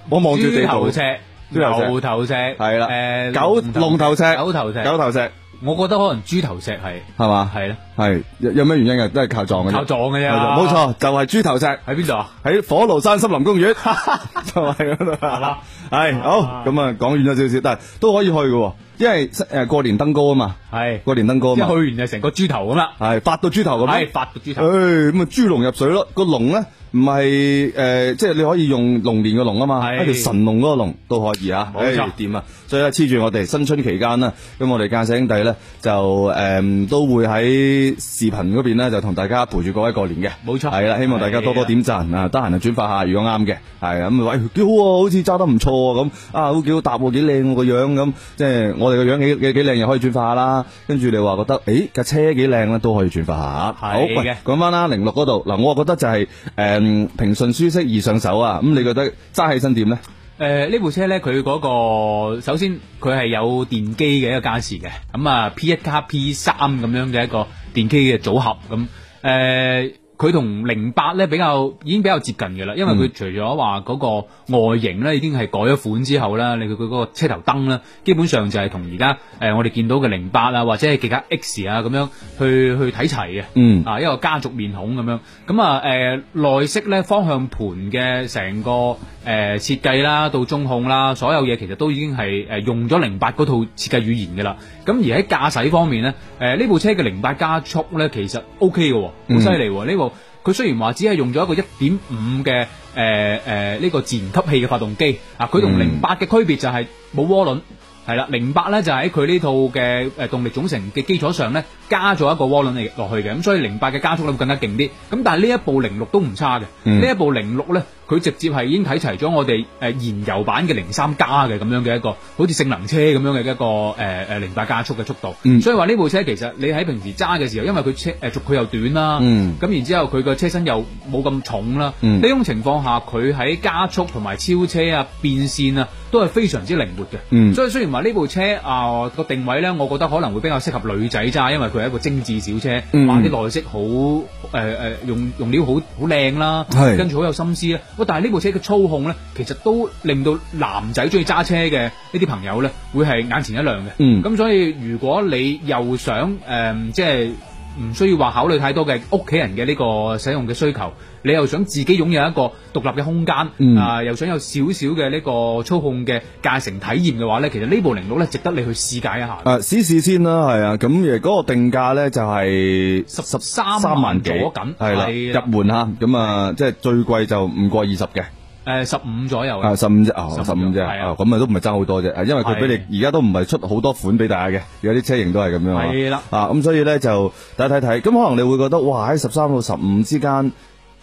我望住地圖。豬頭，頭石、牛頭石係啦，誒、呃，狗龍頭石、狗頭石、狗頭，頭，頭，頭石，我覺得可能豬頭石係，係嘛？係咧。係有有咩原因嘅，都係靠撞嘅，靠撞嘅呀，冇錯，就係、是、豬頭石喺邊度啊？喺火爐山森林公園， 就喺嗰度係啦。係 好咁啊，講遠咗少少，但係都可以去嘅，因為誒過年登高啊嘛，係過年登高嘛，即去完就成個豬頭咁啦，係發到豬頭咁，係發到豬頭。誒咁啊，豬籠入水咯，那個龍咧唔係誒，即、呃、係、就是、你可以用龍年嘅龍啊嘛，一條神龍嗰個龍都可以啊。好點、哎、啊？所以咧黐住我哋新春期間啦。咁我哋駕駛兄弟咧就誒、呃、都會喺。啲視頻嗰邊咧就同大家陪住各位過年嘅，冇錯，係啦，希望大家多多點讚啊！得閒就轉發下，如果啱嘅係咁喂，幾、嗯、哎、好，好得錯啊，好似揸得唔錯啊，咁啊好幾好搭喎，幾靚個樣咁、嗯，即係我哋個樣幾幾靚，又可以轉發啦。跟住你話覺得誒、架、哎、車幾靚咧，都可以轉發下。好，喂，講翻啦，零六嗰度嗱，我啊覺得就係、是、誒、嗯、平順舒適易上手啊、咁、嗯、你覺得揸起身點咧？誒、呃，呢部車咧，佢嗰、那個首先佢係有電機嘅一個加持嘅，咁啊 P 一加 P 三咁樣嘅一個。電機嘅組合咁，誒、嗯。呃佢同零八咧比較已經比較接近嘅啦，因為佢除咗話嗰個外形咧已經係改咗款之後咧，你佢佢嗰個車頭燈咧，基本上就係同而家誒我哋見到嘅零八啊或者係其他 X 啊咁樣去去睇齊嘅，嗯啊一個家族面孔咁樣咁，啊誒內飾咧方向盤、嘅成個誒設計啦到中控啦所有嘢其實都已經係誒用咗零八嗰套設計語言嘅啦。咁而喺駕駛方面咧，誒、呃、呢部車嘅零八加速咧其實 O K 嘅，好犀利喎呢個。佢雖然話只係用咗一個一點五嘅誒誒呢個自然吸氣嘅發動機啊，佢同零八嘅區別就係冇渦輪，係啦，零八咧就喺佢呢套嘅、呃、動力總成嘅基礎上咧。加咗一個渦輪嚟落去嘅，咁所以零八嘅加速力會更加勁啲。咁但係呢一部零六都唔差嘅，呢、嗯、一部零六咧，佢直接係已經睇齊咗我哋誒燃油版嘅零三加嘅咁樣嘅一個，好似性能車咁樣嘅一個誒誒零八加速嘅速度。嗯、所以話呢部車其實你喺平時揸嘅時候，因為佢車誒軸距又短啦，咁、嗯、然之後佢個車身又冇咁重啦，呢、嗯、種情況下佢喺加速同埋超車啊、變線啊都係非常之靈活嘅、嗯。所以雖然話呢部車啊個、呃、定位咧，我覺得可能會比較適合女仔揸，因為佢。係一個精緻小車，嗯，話啲內飾好誒誒，用用料好好靚啦，係跟住好有心思啦。喂，但係呢部車嘅操控咧，其實都令到男仔中意揸車嘅呢啲朋友咧，會係眼前一亮嘅。嗯，咁所以如果你又想誒、呃，即係。唔需要話考慮太多嘅屋企人嘅呢個使用嘅需求，你又想自己擁有一個獨立嘅空間，啊、嗯呃，又想有少少嘅呢個操控嘅駕乘體驗嘅話咧，其實呢部零六咧值得你去試駕一、啊啊就是啊啊、一下。誒，試試先啦，係啊，咁而嗰個定價咧就係十三萬左緊，係啦，入門吓，咁啊，即係最貴就唔過二十嘅。誒、呃，十五左右啊，十五啫，哦，十五啫，係啊，咁啊都唔係爭好多啫，因為佢俾你而家都唔係出好多款俾大家嘅，而家啲車型都係咁樣，係啦，啊，咁所以咧就大家睇睇，咁可能你會覺得哇喺十三到十五之間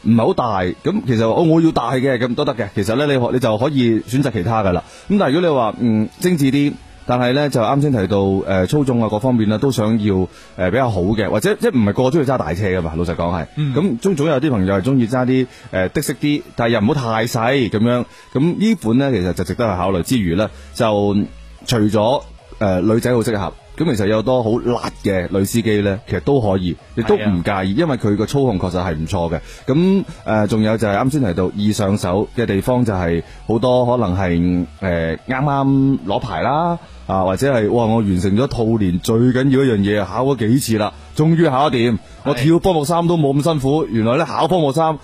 唔係好大，咁其實哦我要大嘅，咁都得嘅，其實咧你你就可以選擇其他噶啦，咁但係如果你話嗯精緻啲。但係咧就啱先提到誒、呃、操縱啊各方面啦，都想要誒、呃、比較好嘅，或者即係唔係個個鍾意揸大車㗎嘛？老實講係，咁、mm、總 -hmm. 總有啲朋友係鍾意揸啲誒的士啲，但又唔好太細咁樣。咁呢款咧其實就值得去考慮之餘咧，就除咗誒、呃、女仔好適合。咁其實有很多好辣嘅女司機呢，其實都可以，亦都唔介意，因為佢個操控確實係唔錯嘅。咁誒，仲、呃、有就係啱先提到易上手嘅地方、就係，就係好多可能係誒啱啱攞牌啦，啊或者係哇，我完成咗兔年最緊要一樣嘢，考咗幾次啦，終於考掂，我跳科目三都冇咁辛苦，原來呢考科目三，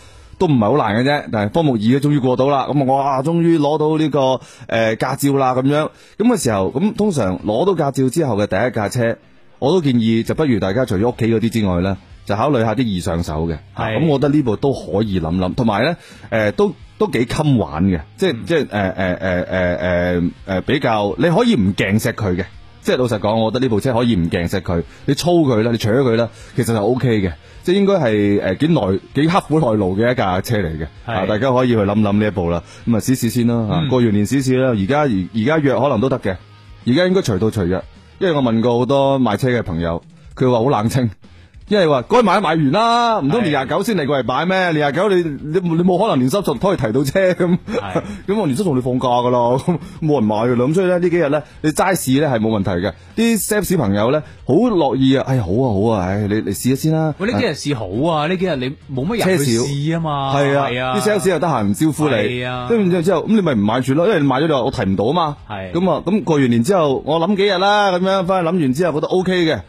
都唔係好難嘅啫，但係科目二嘅終於過到啦，咁我啊終於攞到呢、這個誒駕、呃、照啦，咁樣咁嘅時候，咁通常攞到駕照之後嘅第一架車，我都建議就不如大家除咗屋企嗰啲之外咧，就考慮下啲易上手嘅，咁、啊、我覺得呢部都可以諗諗，同埋咧誒都都幾襟玩嘅，即係、嗯、即係誒誒誒誒誒誒比較你可以唔鏡錫佢嘅。即係老實講，我覺得呢部車可以唔勁錫佢，你操佢啦，你除咗佢啦，其實係 O K 嘅，即係應該係誒幾耐幾刻苦耐勞嘅一架車嚟嘅。啊大家可以去諗諗呢一部啦，咁啊試試先啦，嗯，過完年試試啦，而家而而家約可能都得嘅，而家應該隨到隨嘅，因為我問過好多賣車嘅朋友，佢話好冷清。因為話該買都買完啦，唔通年廿九先嚟過嚟買咩？年廿九你你你冇可能年三十拖佢提到車咁，咁我年三十同你放假噶咯，冇人買噶啦。咁所以咧呢幾日咧，你齋試咧係冇問題嘅。啲 sales 朋友咧好樂意啊，哎好啊好啊，哎、啊、你嚟試下先啦。喂，呢幾日試好啊，呢幾日你冇乜人去試啊嘛。係啊，啲 sales 又得閒招呼你。係啊，跟住之後咁你咪唔買住咯，因為你買咗你話我提唔到啊嘛。係。咁啊咁過完年之後，我諗幾日啦，咁樣翻去諗完之後覺得 OK 嘅。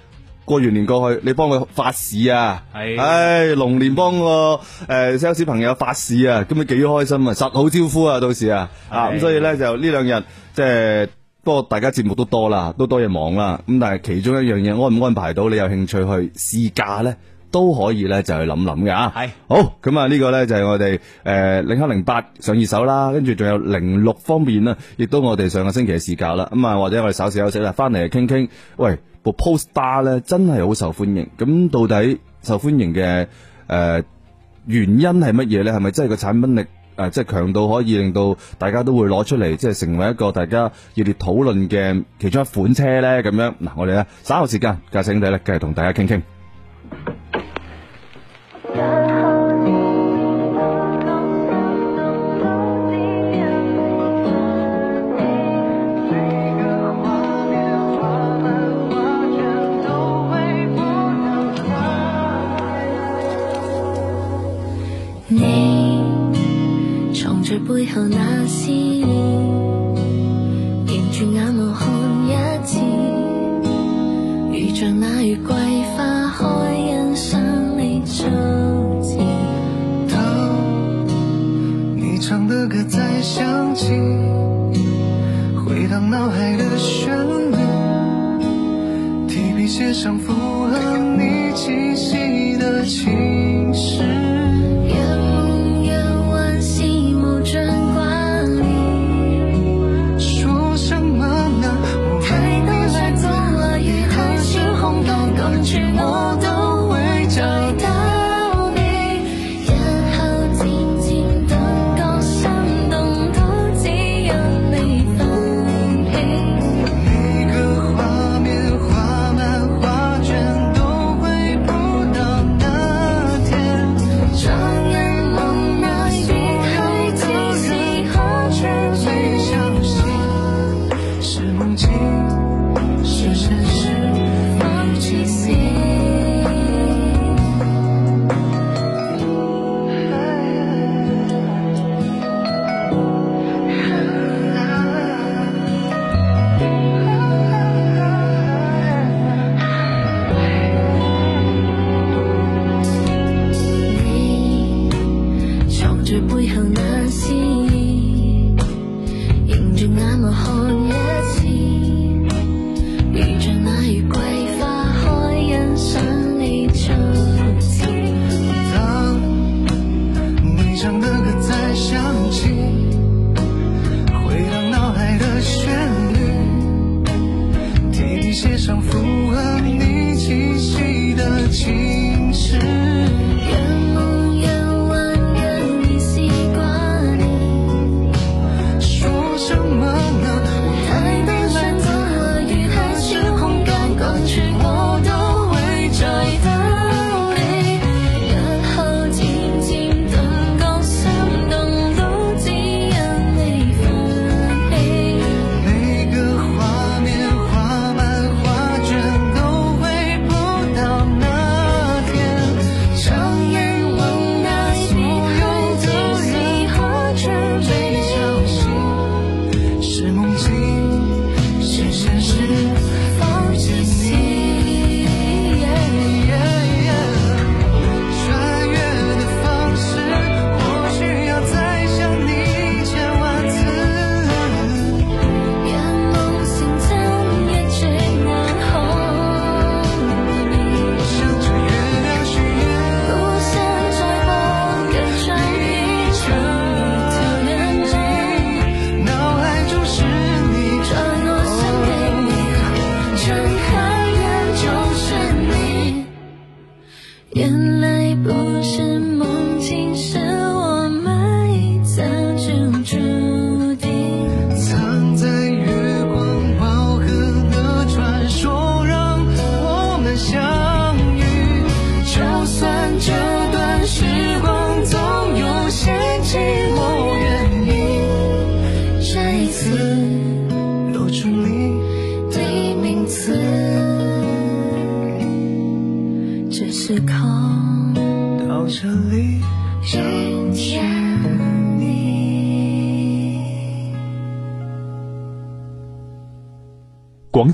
過完年過去，你幫佢發市啊！係，唉、哎，龍年幫個誒 sales 朋友發市啊，咁你幾開心啊！實好招呼啊，到時啊，啊咁、嗯、所以咧就呢兩日即係，不過大家節目都多啦，都多嘢忙啦。咁但係其中一樣嘢安唔安排到你有興趣去試駕咧，都可以咧就去諗諗嘅啊。係，好咁啊，這這個呢個咧就係、是、我哋誒領克零八上二手啦，跟住仲有零六方面啊，亦都我哋上個星期嘅試駕啦。咁啊，或者我哋稍事休息啦，翻嚟啊傾傾，喂。部 Post Star 咧真係好受歡迎，咁到底受歡迎嘅誒、呃、原因係乜嘢咧？係咪真係個產品力誒、呃、即係強到可以令到大家都會攞出嚟，即係成為一個大家熱烈討論嘅其中一款車咧？咁樣嗱，我哋咧稍後時間，介紹你咧，繼續同大家傾傾。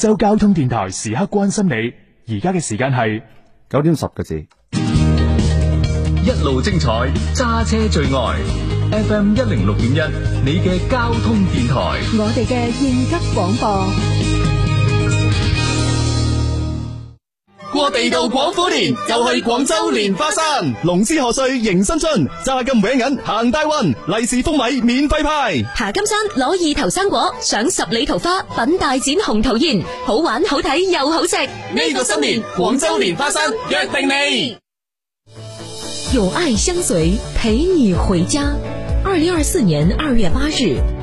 州交通電台時刻關心你，而家嘅時間係九點十個字，一路精彩，揸車最愛。FM 一零六點一，你嘅交通電台，我哋嘅應急廣播。我地道，廣府年，就係廣州蓮花山。龍獅賀歲迎新春，揸金搲銀行大運，利是封米免費派。爬金山攞意頭生果，賞十里桃花品大展紅桃宴，好玩好睇又好食。呢個新年，廣州蓮花山約定你。有愛相隨，陪你回家。二零二四年二月八日。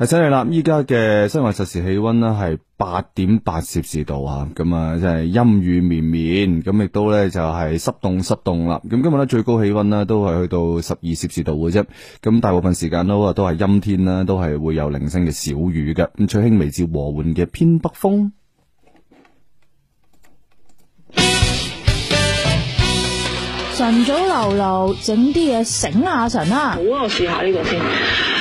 係 新地啦，依家嘅室外實時氣溫呢係八點八攝氏度啊，咁啊真係陰雨綿綿，咁亦都咧就係濕凍濕凍啦。咁今日咧最高氣溫呢都係去到十二攝氏度嘅啫，咁大部分時間都啊都係陰天啦，都係會有零星嘅小雨嘅，咁最輕微至和緩嘅偏北風。晨早流流，整啲嘢醒下、啊、神啦、啊，好啊，我試下呢個先。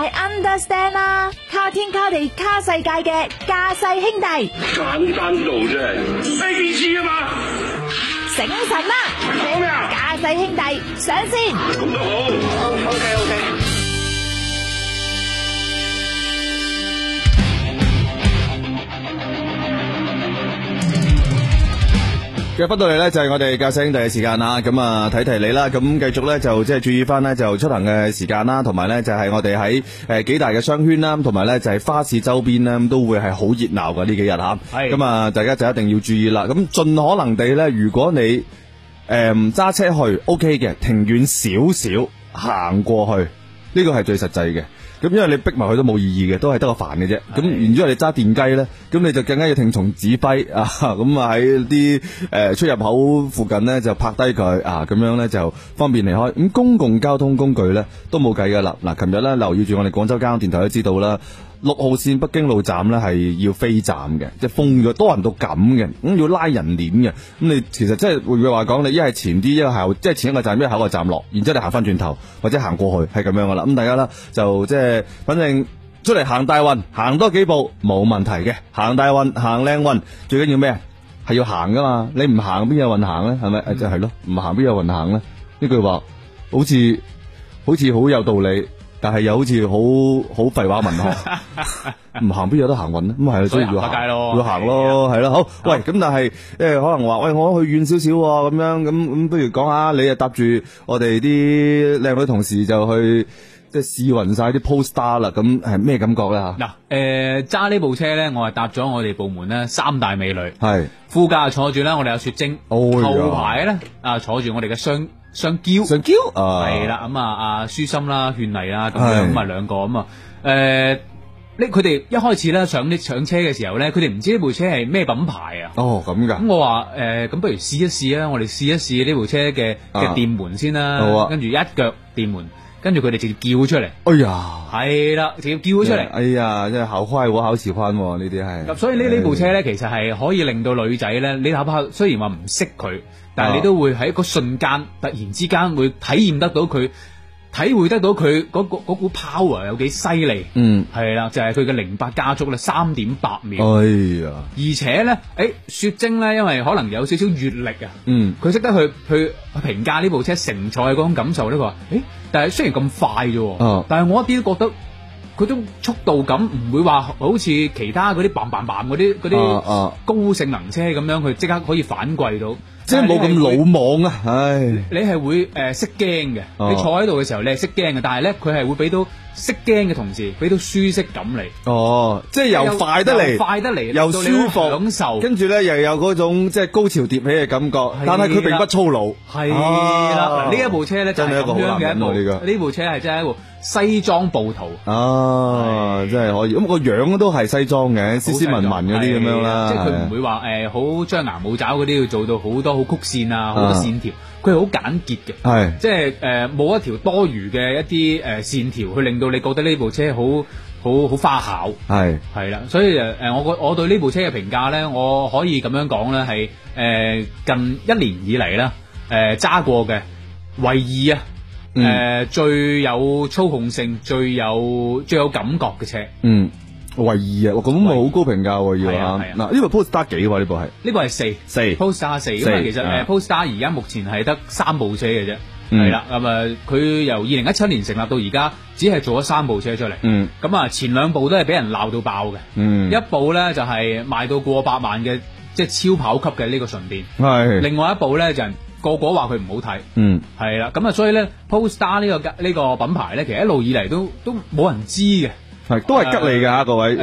係 understand 啦，車天車地車世界嘅駕駛兄弟，簡單到啫，ABC 啊嘛，醒神啦，講咩啊，駕駛兄弟上線，咁都好，OK OK。今日翻到嚟咧，就係我哋駕駛兄弟嘅時間啦。咁啊，睇睇你啦。咁繼續咧，就即係注意翻咧，就出行嘅時間啦，同埋咧就係我哋喺誒幾大嘅商圈啦，同埋咧就係花市周邊咧，都會係好熱鬧噶呢幾日吓。係咁啊，大家就一定要注意啦。咁盡可能地咧，如果你誒唔揸車去，OK 嘅，停遠少少行過去，呢個係最實際嘅。咁因為你逼埋去都冇意義嘅，都係得個煩嘅啫。咁然之後你揸電雞呢，咁你就更加要聽從指揮啊。咁啊喺啲誒出入口附近呢，就拍低佢啊，咁樣呢就方便離開。咁、嗯、公共交通工具呢，都冇計㗎啦。嗱、啊，琴日呢留意住我哋廣州交通電台都知道啦。六號線北京路站咧係要飛站嘅，即係封咗，多人到咁嘅，咁要拉人鏈嘅。咁你其實即係換句話講，你一係前啲，一係後，即係前一個站，一後一個站落，然之後你行翻轉頭，或者行過去，係咁樣噶啦。咁大家啦，就即係反正出嚟行大運，行多幾步冇問題嘅。行大運，行靚運，最緊要咩？係要行噶嘛？你唔行邊有運行咧？係咪？即係咯，唔行邊有運行咧？呢句話好似好似好有道理。但係又好似好好廢話文學，唔 行邊有得行運咧，咁係啊，所以要行，以行街咯，要行咯，係、啊、咯，好。喂，咁、啊、但係誒、呃，可能話喂，我去遠少少咁樣，咁咁，不如講下你啊搭住我哋啲靚女同事就去即係試匀晒啲 post star 啦，咁係咩感覺咧吓？嗱、呃，誒，揸呢部車咧，我係搭咗我哋部門咧三大美女，係副駕坐住咧，我哋有雪晶，oh yeah. 後排咧啊坐住我哋嘅雙。上叫上叫，係啦咁啊，阿舒心啦，勸麗啦咁樣，咁啊兩個咁啊，誒、嗯，呢佢哋一開始咧上啲上車嘅時候咧，佢哋唔知呢部車係咩品牌啊？哦，咁噶？咁我話誒，咁、呃、不如試一試啊，我哋試一試呢部車嘅嘅電門先啦，跟住、啊、一腳電門，跟住佢哋直接叫出嚟、哎。哎呀，係啦，直接叫咗出嚟。哎呀，真係好乖我考試翻喎，呢啲係。咁所以呢呢部車咧，其實係可以令到女仔咧，你哪怕雖然話唔識佢。但係你都會喺一個瞬間，突然之間會體驗得到佢，體會得到佢嗰個股 power 有幾犀利。嗯，係啦，就係佢嘅零八加速咧，三點八秒。哎呀！而且咧，誒、哎，雪晶咧，因為可能有少少閱歷啊。嗯。佢識得去去評價呢部車乘坐嗰種感受咧，佢話，誒，但係雖然咁快啫，啊，但係我一啲都覺得佢都速度感唔會話好似其他嗰啲棒棒 n 嗰啲嗰啲高性能車咁樣，佢即刻可以反饋到。即係冇咁魯莽啊！唉，你係會誒識驚嘅，你坐喺度嘅時候、哦、你係識驚嘅，但係咧佢係會俾到識驚嘅同事，俾到舒適感嚟。哦，即係由快得嚟，快得嚟，又舒服，感受，跟住咧又有嗰種即係高潮迭起嘅感覺。但係佢並不粗魯，係啦。呢、哦、一部車咧就係咁、啊、樣嘅一部，呢、這個、部車係真係一部西裝暴徒啊！真係可以。咁、那個樣都係西裝嘅，斯斯文文嗰啲咁樣啦。即係佢唔會話誒好張牙舞爪嗰啲，要做到好多。嗯嗯嗯嗯嗯嗯好曲線啊，好多線條，佢係好簡潔嘅，係即係誒冇一條多餘嘅一啲誒、呃、線條，去令到你覺得呢部車好好好花巧，係係啦，所以誒、呃、我覺我對呢部車嘅評價咧，我可以咁樣講咧，係誒、呃、近一年以嚟啦，誒、呃、揸過嘅唯二啊、呃，誒、uh -huh. 最有操控性、最有最有感覺嘅車，嗯、uh -huh.。唯二啊，咁咪好高評價喎要啊，嗱、啊，呢個 Post Star 幾喎，呢個係呢個係四四 Post Star 四，啊啊、4, 4, 4, 4, 因為其實誒、uh, Post Star 而家目前係得三部車嘅啫，係、嗯、啦，咁誒佢由二零一七年成立到而家，只係做咗三部車出嚟，嗯咁啊、嗯、前兩部都係俾人鬧到爆嘅，嗯一部咧就係、是、賣到過百萬嘅，即、就、係、是、超跑級嘅呢個個純電，另外一部咧就人個個話佢唔好睇，係、嗯、啦，咁啊所以咧 Post Star 呢、這個呢、這個品牌咧，其實一路以嚟都都冇人知嘅。係都係吉利嘅、呃、各位。誒、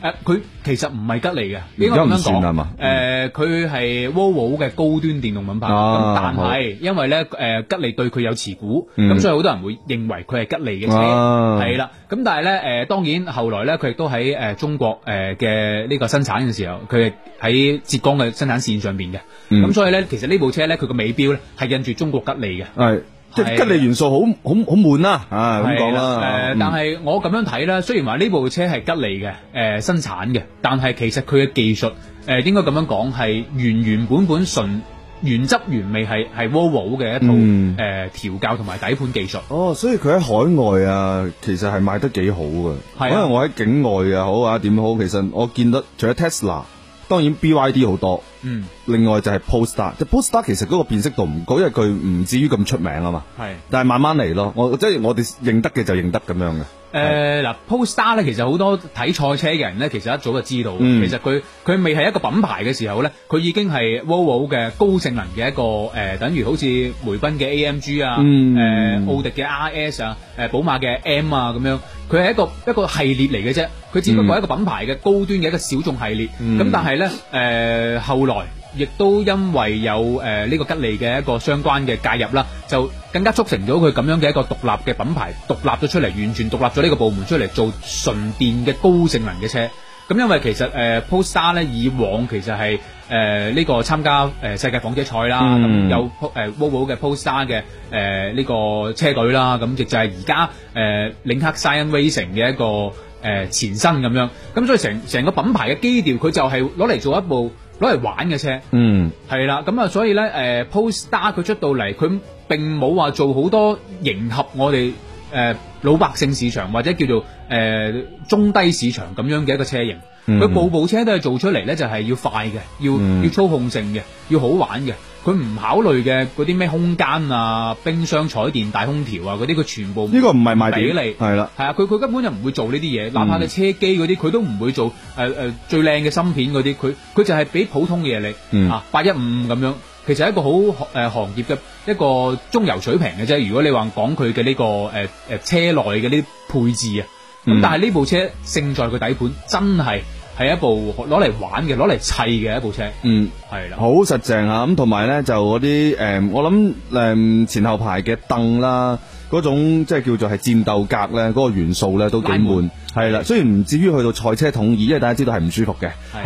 呃、誒，佢、呃、其實唔係吉利嘅，呢家唔算係嘛？誒，佢係沃爾沃嘅高端電動品牌。咁、啊、但係因為咧，誒、呃、吉利對佢有持股，咁、嗯、所以好多人會認為佢係吉利嘅車。係、啊、啦，咁但係咧，誒、呃、當然後來咧，佢亦都喺誒、呃、中國誒嘅呢個生產嘅時候，佢係喺浙江嘅生產線上邊嘅。咁、嗯嗯、所以咧，其實呢部車咧，佢個尾標咧係印住中國吉利嘅。係。即係吉利元素好好好悶啦，啊咁講啦。誒、呃，但係我咁樣睇啦，雖然話呢部車係吉利嘅，誒、呃、生產嘅，但係其實佢嘅技術，誒、呃、應該咁樣講，係原原本本純原汁原味係係沃爾沃嘅一套誒調、嗯呃、教同埋底盤技術。哦，所以佢喺海外啊，其實係賣得幾好嘅。可能我喺境外又、啊、好啊點好，其實我見得除咗 Tesla。當然 B Y D 好多，嗯，另外就係 Polestar，即 Polestar 其實嗰個辨識度唔高，因為佢唔至於咁出名啊嘛，係，但係慢慢嚟咯，我即係、就是、我哋認得嘅就認得咁樣嘅。嗱、呃、Polestar 咧其實好多睇賽車嘅人咧，其實一早就知道，嗯、其實佢佢未係一個品牌嘅時候咧，佢已經係 VOLVO 嘅高性能嘅一個、呃、等於好似梅奔嘅 A M G 啊，誒、嗯呃、奧迪嘅 R S 啊，誒、呃、寶馬嘅 M 啊咁樣。佢係一個一個系列嚟嘅啫，佢只不過係一個品牌嘅高端嘅一個小眾系列。咁但係咧，誒後來亦都因為有誒呢個吉利嘅一個相關嘅介入啦，就更加促成咗佢咁樣嘅一個獨立嘅品牌，獨立咗出嚟，完全獨立咗呢個部門出嚟做純電嘅高性能嘅車。咁因為其實誒 Polestar 咧以往其實係。誒、呃、呢、這個參加、呃、世界仿車賽啦，咁、嗯、有誒 Volvo 嘅 Polestar 嘅誒呢個車隊啦，咁亦就係而家誒領克 Cyan Racing 嘅一個誒、呃、前身咁樣，咁所以成成個品牌嘅基調，佢就係攞嚟做一部攞嚟玩嘅車，嗯，係啦，咁啊，所以咧、呃、Polestar 佢出到嚟，佢並冇話做好多迎合我哋誒、呃、老百姓市場或者叫做誒、呃、中低市場咁樣嘅一個車型。佢、嗯、部部車都係做出嚟咧，就係要快嘅，要、嗯、要操控性嘅，要好玩嘅。佢唔考慮嘅嗰啲咩空間啊、冰箱、彩電、大空調啊嗰啲，佢全部呢、這個唔係賣俾你，係啦，係啊，佢佢根本就唔會做呢啲嘢，哪怕你車機嗰啲，佢都唔會做誒誒、呃呃、最靚嘅芯片嗰啲，佢佢就係俾普通嘅嘢你。吓八一五五咁樣。其實係一個好誒、呃、行業嘅一個中游水平嘅啫。如果你話講佢嘅呢個誒誒、呃、車內嘅呢啲配置啊，咁、嗯、但係呢部車勝在佢底盤真係。係一部攞嚟玩嘅、攞嚟砌嘅一部車，嗯，係啦，好實淨吓，咁同埋咧就嗰啲誒，我諗誒前後排嘅凳啦，嗰種即係叫做係戰鬥格咧，嗰個元素咧都幾滿。係啦，雖然唔至於去到賽車桶椅，因為大家知道係唔舒服嘅，係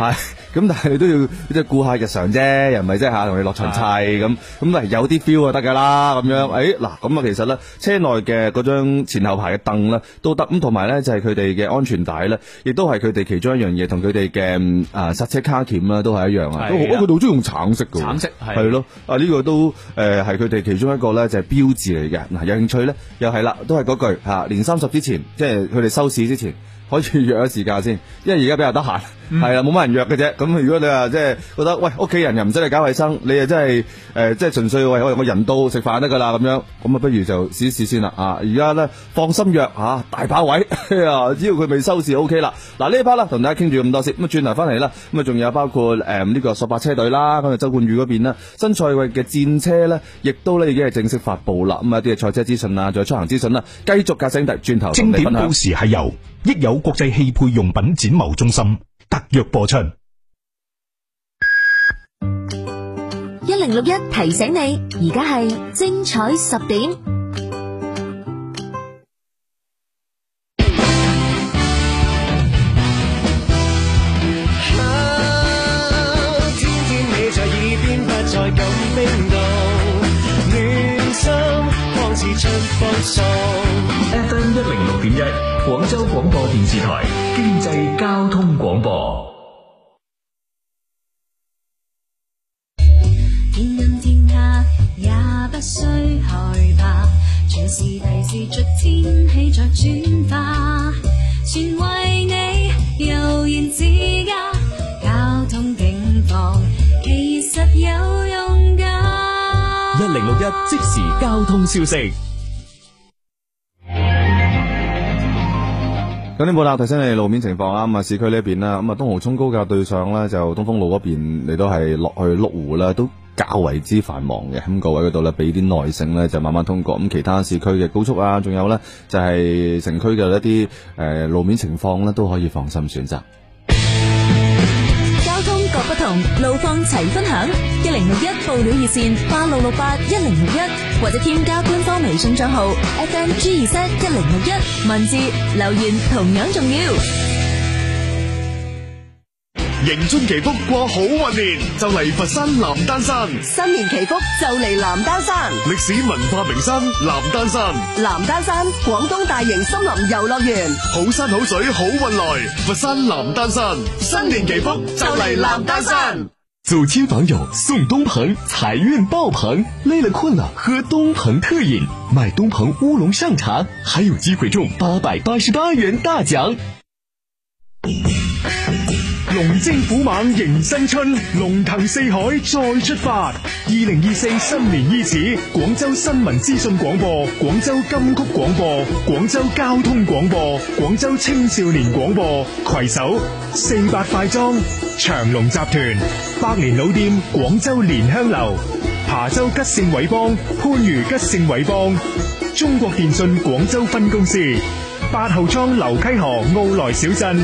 咁，但係你都要即係顧下日常啫，又唔係即係嚇，同你落場砌咁咁。喂，有啲 feel 就得噶啦，咁樣。誒、哎、嗱，咁啊，其實咧車內嘅嗰張前後排嘅凳咧都得，咁同埋咧就係佢哋嘅安全帶咧，亦都係佢哋其中一樣嘢，同佢哋嘅啊剎車卡鉗啦都係一樣啊都。都、哎、好，佢好中意用橙色橙色係係咯，啊呢、這個都誒係佢哋其中一個咧，就係、是、標誌嚟嘅。嗱，有興趣咧又係啦，都係嗰句嚇、啊，年三十之前，即係佢哋收市之前，可以約咗時間先，因為而家比較得閒。係啦，mm-hmm，冇乜人約嘅啫。咁如果你話即係覺得喂，屋企人又唔使你搞衛生，你啊真係誒，即係純粹喂我我人到食飯得噶啦咁樣。咁啊，不如就試一試先啦啊！而家呢，放心約啊，大把位、 OK、啊，只要佢未收市，O K 啦。嗱呢一 part 啦，同大家傾住咁多先。咁啊，轉頭翻嚟啦。咁啊，仲有包括誒呢、呃這個索伯車隊啦，咁啊周冠宇嗰邊啦，新賽季嘅戰車呢，亦都呢已經係正式發布啦。咁啊，啲賽車資訊啊，仲有出行資訊啦，繼續格升題，轉頭嚟分享啦。正點報時係由益友國際汽配用品展貿中心特約播出，一零六一提醒你，而家係精彩十點。天天你在耳邊，不再咁冰凍，暖心，仿似春風送。FM 一零六點一。廣州廣播電視台經濟交通廣播。天陰天黑也不需害怕，全是提示着天氣在轉化，全為你悠然自家。交通警防其實有用㗎。一零六一即時交通消息。有啲報道提醒你路面情況啊，咁啊市區呢邊啦，咁啊東濠涌高架對上咧就東風路嗰邊，你都係落去碌湖啦，都較為之繁忙嘅。咁各位嗰度咧，俾啲耐性咧，就慢慢通過。咁其他市區嘅高速啊，仲有咧就係城區嘅一啲誒路面情況咧，都可以放心選擇。同路況齊分享，一零六一報料熱線八六六八一零六一，或者添加官方微信賬號 FMG 二七一零六一，文字留言同樣重要。迎春祈福過好運，年，就嚟佛山南丹山。新年祈福就嚟南丹山，歷史文化名山南丹山，南丹山廣東大型森林遊樂園，好山好水好運來，佛山南丹山。新年祈福就嚟南丹山。走親訪友送東鵬，財運爆棚。累了困了喝東鵬特飲，買東鵬烏龍上茶，還有機會中八百八十八元大獎。嗯龍精虎猛，猛迎新春，龍騰四海再出發。二零二四新年伊始，廣州新聞資訊廣播、廣州金曲廣播、廣州交通廣播、廣州青少年廣播攜手四百塊莊、長隆集團、百年老店廣州蓮香樓、琶洲吉盛偉邦、番禺吉盛偉邦、中國電信廣州分公司、八號倉流溪河奧萊小鎮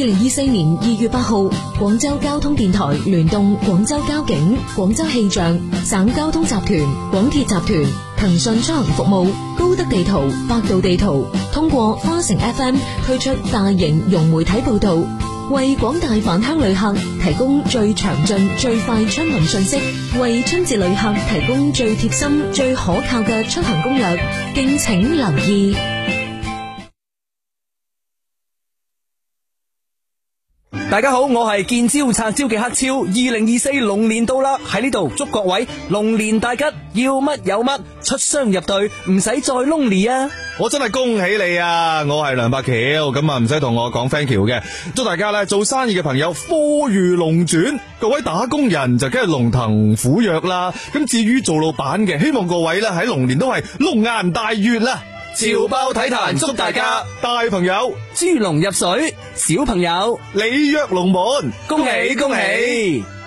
二零二四年二月八號，廣州交通電台聯動廣州交警、廣州氣象、省交通集團、廣鐵集團、騰訊出行服務、高德地圖、百度地圖，通過花城 FM 推出大型融媒體報道，為廣大返鄉旅客提供最詳盡、最快春運信息，為春節旅客提供最貼心、最可靠嘅出行攻略，敬請留意。大家好，我係見招拆招嘅黑超。二零二四龍年到啦，喺呢度祝各位龍年大吉，要乜有乜，出雙入對，唔使再 lonely 啊！我真係恭喜你啊！我係梁伯橋，咁啊唔使同我講 thank 橋嘅，祝大家呢做生意嘅朋友呼如龍轉，各位打工人就梗係龍騰虎躍啦。咁至於做老闆嘅，希望各位呢喺龍年都係龍顏大悅啦，潮爆體壇，祝大家，祝大，家大朋友豬龍入水。小朋友，鯉躍龍門，恭喜恭喜！恭喜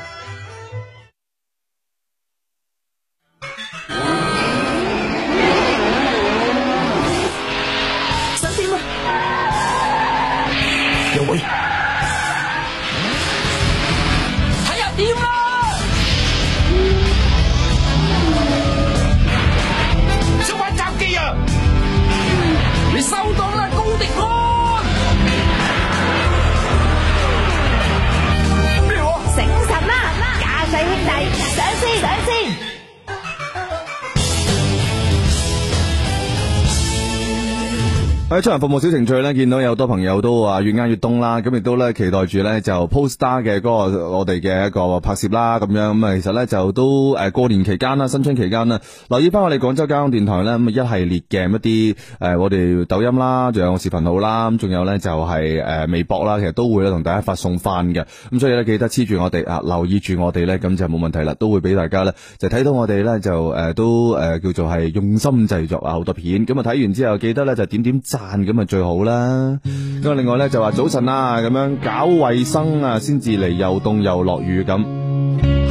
喺出行服務小程序呢，見到有好多朋友都話越晏越凍啦，咁亦都咧期待住咧就 PO STAR 嘅嗰、那個我哋嘅一個拍攝啦，咁樣咁啊，其實咧就都誒過年期間啦，新春期間啦，留意翻我哋廣州交通電台咧咁一系列嘅一啲誒、呃、我哋抖音啦，仲有視頻號啦，咁仲有咧就係誒微博啦，其實都會同大家發送翻嘅。咁所以咧記得黐住我哋啊，留意住我哋咧，咁就冇問題啦，都會俾大家咧就睇到我哋咧就誒、呃、都、呃、叫做係用心製作啊好多片，咁啊睇完之後記得咧就點點咁咪最好啦，咁另外咧就話早晨啊，咁樣搞衛生啊，先至嚟又凍又落雨咁，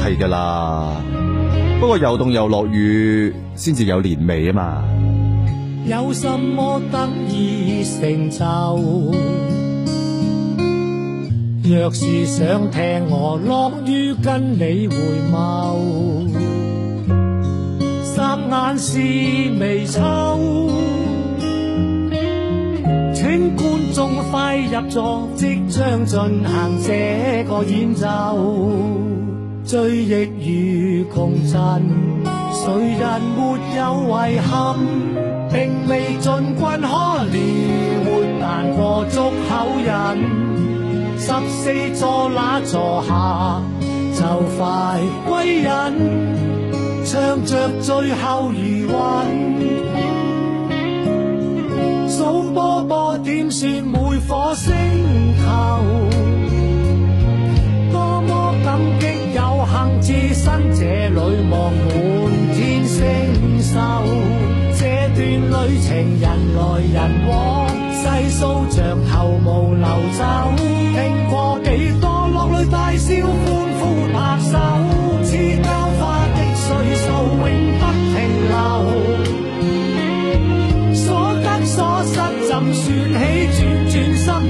係噶啦。不過又凍又落雨先至有年味啊嘛。有什麼得意成就？若是想聽我雨，落雨跟你回眸，三眼是未秋。請觀眾快入座，即將進行這個演奏。追憶如窮震，誰人沒有遺憾？並未進軍可憐活難過，足口忍。十四座哪座下就快歸隱，唱着最後餘韻。點算每顆星球，多麼感激有幸置身這裏，望滿天星宿。這段旅程人來人往，細數着頭毛流走。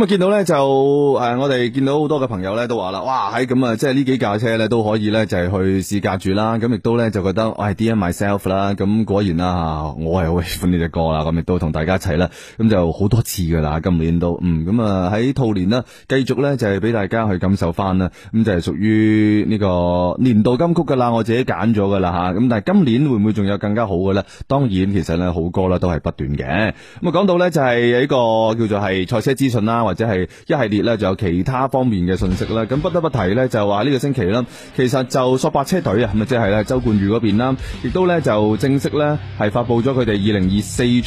咁啊，見到咧就誒、呃，我哋見到好多嘅朋友咧都話啦，哇，係咁啊，即係呢幾架車咧都可以咧就係、是、去試駕住啦。咁亦都咧就覺得、哎、我係 D M myself 啦。咁果然啦、吓，我係好喜歡呢隻歌啦。咁亦都同大家一齊啦。咁就好多次噶啦，今年都嗯咁啊喺兔年啦，繼續咧就係、是、俾大家去感受翻啦。咁就係屬於呢個年度金曲噶啦，我自己揀咗噶啦吓。咁但係今年會唔會仲有更加好嘅咧？當然，其實咧好歌啦都係不斷嘅。咁啊，講到咧就係、是、一個叫做係賽車資訊啦。或者係一系列咧，就有其他方面嘅信息啦。咁不得不提呢，就話呢個星期啦，其實就索伯車隊啊，咁即係咧周冠宇嗰邊啦，亦都呢就正式呢，係發布咗佢哋二零二四賽季